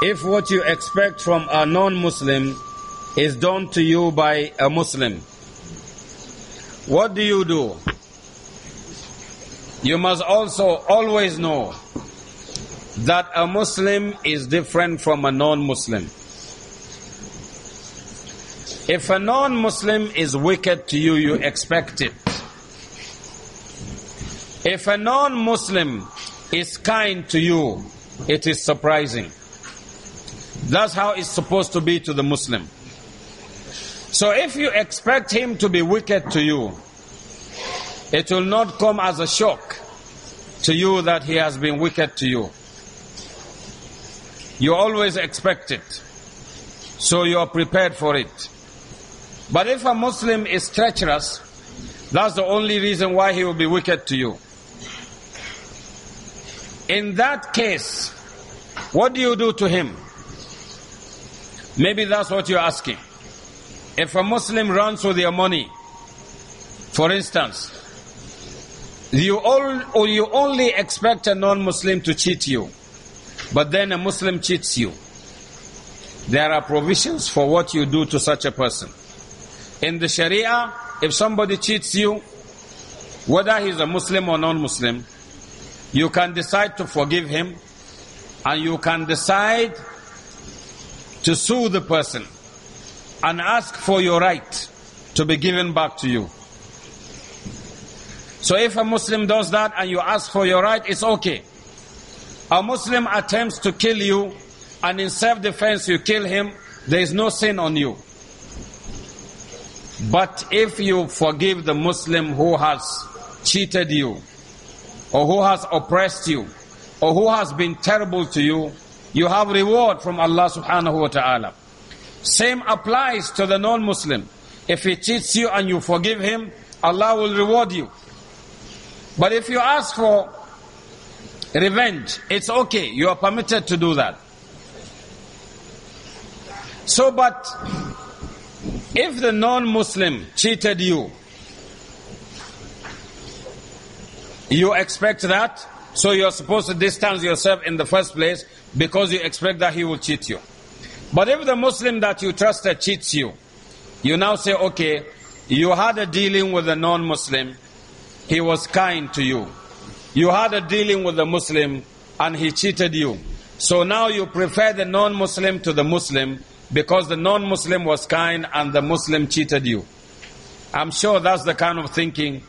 if what you expect from a non Muslim is done to you by a Muslim? What do you do? You must also always know that a Muslim is different from a non Muslim. If a non Muslim is wicked to you, you expect it. If a non Muslim is kind to you, it is surprising. That's how it's supposed to be to the Muslim. So if you expect him to be wicked to you, it will not come as a shock to you that he has been wicked to you. You always expect it. So you are prepared for it. But if a Muslim is treacherous, that's the only reason why he will be wicked to you. In that case, what do you do to him? Maybe that's what you're asking. If a Muslim runs with your money, for instance, you, all, or you only expect a non-Muslim to cheat you, but then a Muslim cheats you. There are provisions for what you do to such a person. In the Sharia, if somebody cheats you, whether he's a Muslim or non-Muslim, you can decide to forgive him and you can decide to sue the person and ask for your right to be given back to you. So if a Muslim does that and you ask for your right, it's okay. A Muslim attempts to kill you and in self-defense you kill him, there is no sin on you. But if you forgive the Muslim who has cheated you, or who has oppressed you, or who has been terrible to you, you have reward from Allah subhanahu wa ta'ala. Same applies to the non-Muslim. If he cheats you and you forgive him, Allah will reward you. But if you ask for revenge, it's okay. You are permitted to do that. So, but if the non-Muslim cheated you, you expect that, so you're supposed to distance yourself in the first place because you expect that he will cheat you. But if the Muslim that you trusted cheats you, you now say, okay, you had a dealing with a non-Muslim, he was kind to you. You had a dealing with a Muslim and he cheated you. So now you prefer the non-Muslim to the Muslim because the non Muslim was kind and the Muslim cheated you. I'm sure that's the kind of thinking,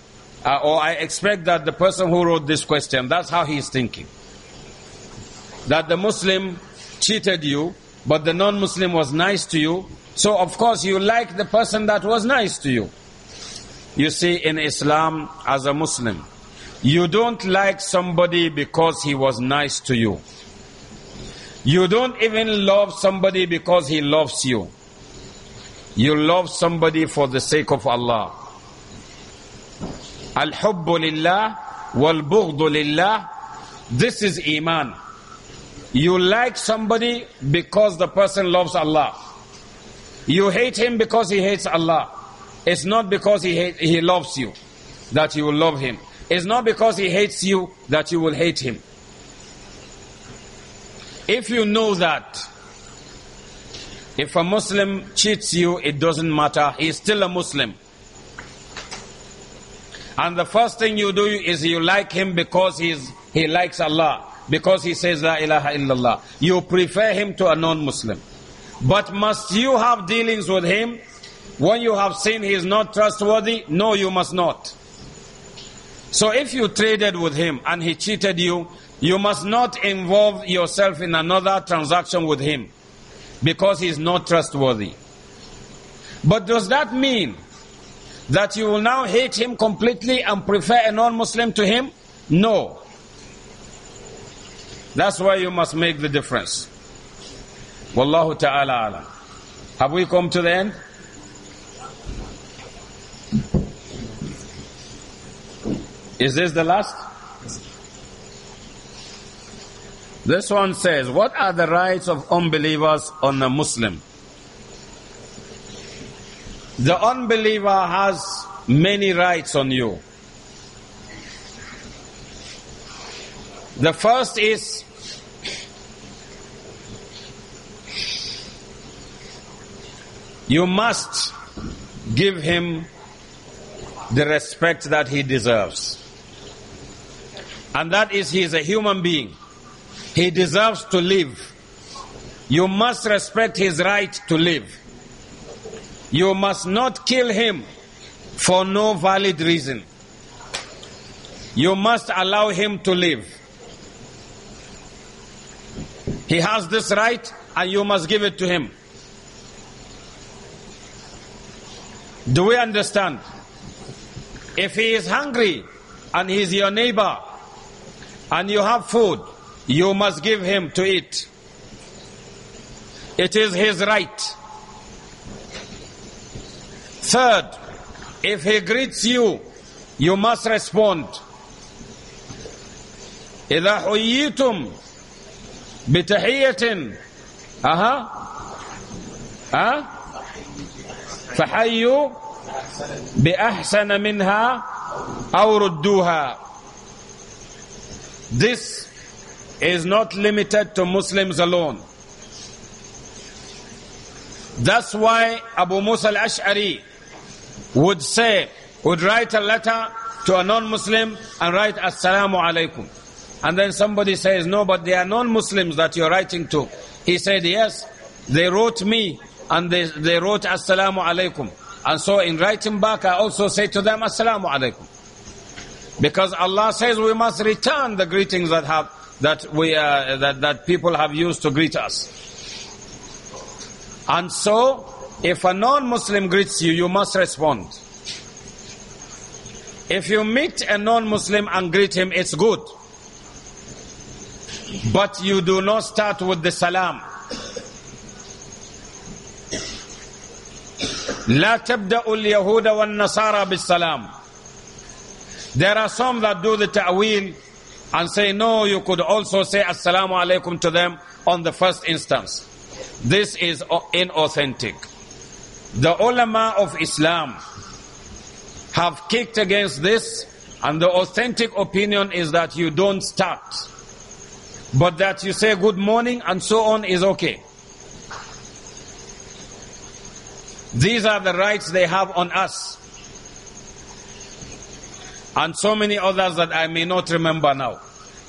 uh, or I expect that the person who wrote this question, that's how he's thinking. That the Muslim cheated you, but the non Muslim was nice to you, so of course you like the person that was nice to you. You see, in Islam, as a Muslim, you don't like somebody because he was nice to you. You don't even love somebody because he loves you. You love somebody for the sake of Allah. al لله wal-burdulillah. This is Iman. You like somebody because the person loves Allah. You hate him because he hates Allah. It's not because he, hate, he loves you that you will love him. It's not because he hates you that you will hate him. If you know that if a Muslim cheats you, it doesn't matter, he's still a Muslim. And the first thing you do is you like him because he's, he likes Allah, because he says La ilaha illallah. You prefer him to a non Muslim. But must you have dealings with him when you have seen he is not trustworthy? No, you must not. So if you traded with him and he cheated you, you must not involve yourself in another transaction with him because he is not trustworthy. But does that mean that you will now hate him completely and prefer a non Muslim to him? No. That's why you must make the difference. Wallahu ta'ala ala. Have we come to the end? Is this the last? This one says, What are the rights of unbelievers on a Muslim? The unbeliever has many rights on you. The first is you must give him the respect that he deserves. And that is, he is a human being. He deserves to live. You must respect his right to live. You must not kill him for no valid reason. You must allow him to live. He has this right and you must give it to him. Do we understand? If he is hungry and he is your neighbor and you have food, you must give him to eat. It is his right. Third, if he greets you, you must respond. إذا حييتم بتحية أها أه؟ فحيوا بأحسن منها أو ردوها This is not limited to Muslims alone. That's why Abu Musa al Ash'ari would say, would write a letter to a non Muslim and write Assalamu alaikum. And then somebody says, No, but they are non Muslims that you're writing to. He said, Yes, they wrote me and they, they wrote Assalamu alaikum. And so in writing back, I also say to them, Assalamu alaikum. Because Allah says we must return the greetings that have that we are uh, that that people have used to greet us. And so, if a non-Muslim greets you, you must respond. If you meet a non-Muslim and greet him, it's good. But you do not start with the salam. لا تبدأ اليهود والنصارى بالسلام. There are some that do the ta'wil and say, no, you could also say assalamu alaikum to them on the first instance. This is inauthentic. The ulama of Islam have kicked against this and the authentic opinion is that you don't start. But that you say good morning and so on is okay. These are the rights they have on us and so many others that I may not remember now.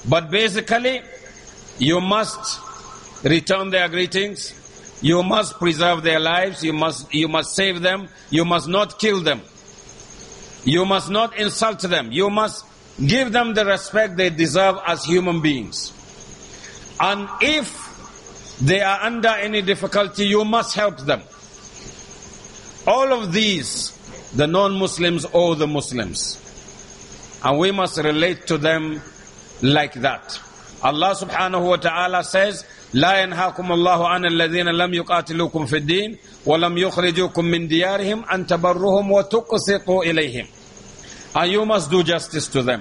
But basically, you must return their greetings, you must preserve their lives, you must, you must save them, you must not kill them, you must not insult them, you must give them the respect they deserve as human beings. And if they are under any difficulty, you must help them. All of these, the non Muslims owe the Muslims. And we must relate to them like that. Allah subhanahu wa ta'ala says, لا ينهاكم الله عن الذين لم يقاتلوكم في الدين ولم يخرجوكم من ديارهم أن تبرهم وتقسطوا إليهم. And you must do justice to them.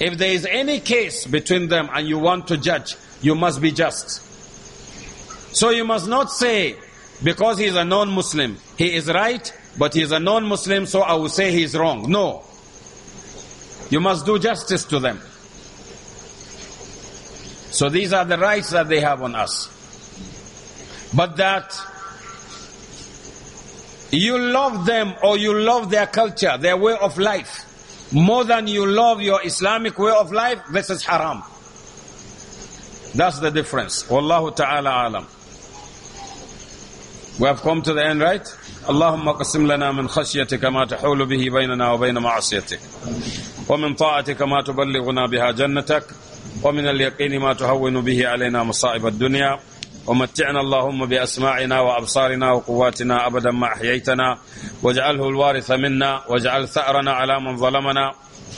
If there is any case between them and you want to judge, you must be just. So you must not say, because he is a non-Muslim, he is right, but he is a non-Muslim, so I will say he is wrong. No. You must do justice to them. So these are the rights that they have on us. But that you love them or you love their culture, their way of life, more than you love your Islamic way of life, this is haram. That's the difference. Wallahu ta'ala alam. We have come to the end, right? اللهم قسم لنا من خشيتك ما تحول به بيننا وبين معصيتك ومن طاعتك ما تبلغنا بها جنتك ومن اليقين ما تهون به علينا مصائب الدنيا ومتعنا اللهم بأسماعنا وأبصارنا وقواتنا أبدا ما أحييتنا واجعله الوارث منا واجعل ثأرنا على من ظلمنا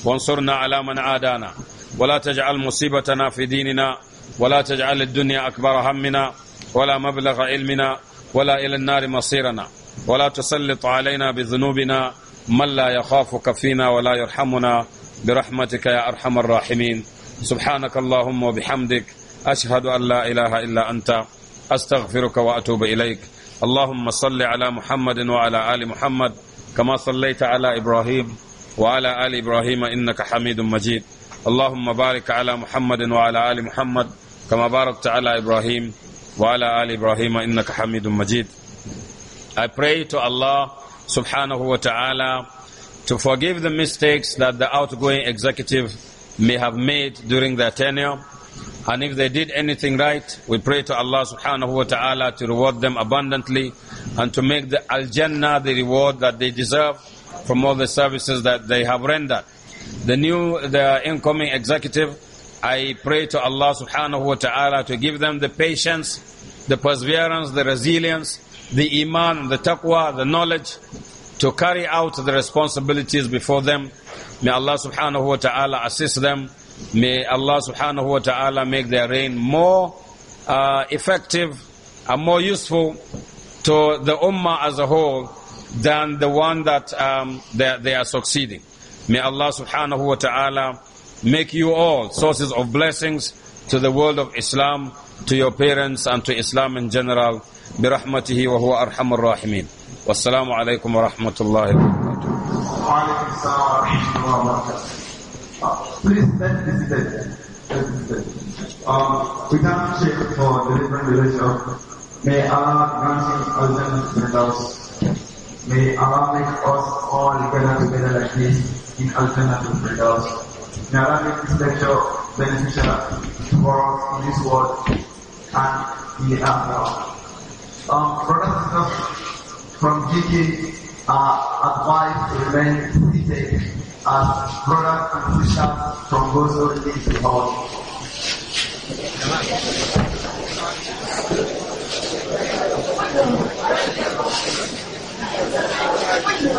وانصرنا على من عادانا ولا تجعل مصيبتنا في ديننا ولا تجعل الدنيا أكبر همنا ولا مبلغ علمنا ولا إلى النار مصيرنا ولا تسلط علينا بذنوبنا من لا يخافك فينا ولا يرحمنا برحمتك يا أرحم الراحمين سبحانك اللهم وبحمدك أشهد أن لا إله إلا أنت أستغفرك وأتوب إليك اللهم صل على محمد وعلى آل محمد كما صليت على إبراهيم وعلى آل إبراهيم إنك حميد مجيد اللهم بارك على محمد وعلى آل محمد كما باركت على إبراهيم وعلى آل إبراهيم إنك حميد مجيد I pray to Allah subhanahu wa ta'ala to forgive the mistakes that the outgoing executive may have made during their tenure. And if they did anything right, we pray to Allah subhanahu wa ta'ala to reward them abundantly and to make the Al Jannah the reward that they deserve from all the services that they have rendered. The new, the incoming executive, I pray to Allah subhanahu wa ta'ala to give them the patience, the perseverance, the resilience, the iman, the taqwa, the knowledge, to carry out the responsibilities before them. May Allah subhanahu wa ta'ala assist them. May Allah subhanahu wa ta'ala make their reign more uh, effective and more useful to the ummah as a whole than the one that um, they, they are succeeding. May Allah subhanahu wa ta'ala make you all sources of blessings to the world of Islam, to your parents and to Islam in general. برحمته وهو أرحم الراحمين والسلام عليكم ورحمة الله وبركاته وعليكم السلام ورحمة الله وبركاته Please let me sit Um, we thank Sheikh for the different religion. May Allah grant him ultimate windows. May Allah make us all gather together like this in alternative windows. May Allah make this lecture beneficial for us in this world and in the afterlife. Um, brothers and sisters, from getting uh, advice to remain seated as brothers and sisters from those who leave the hall.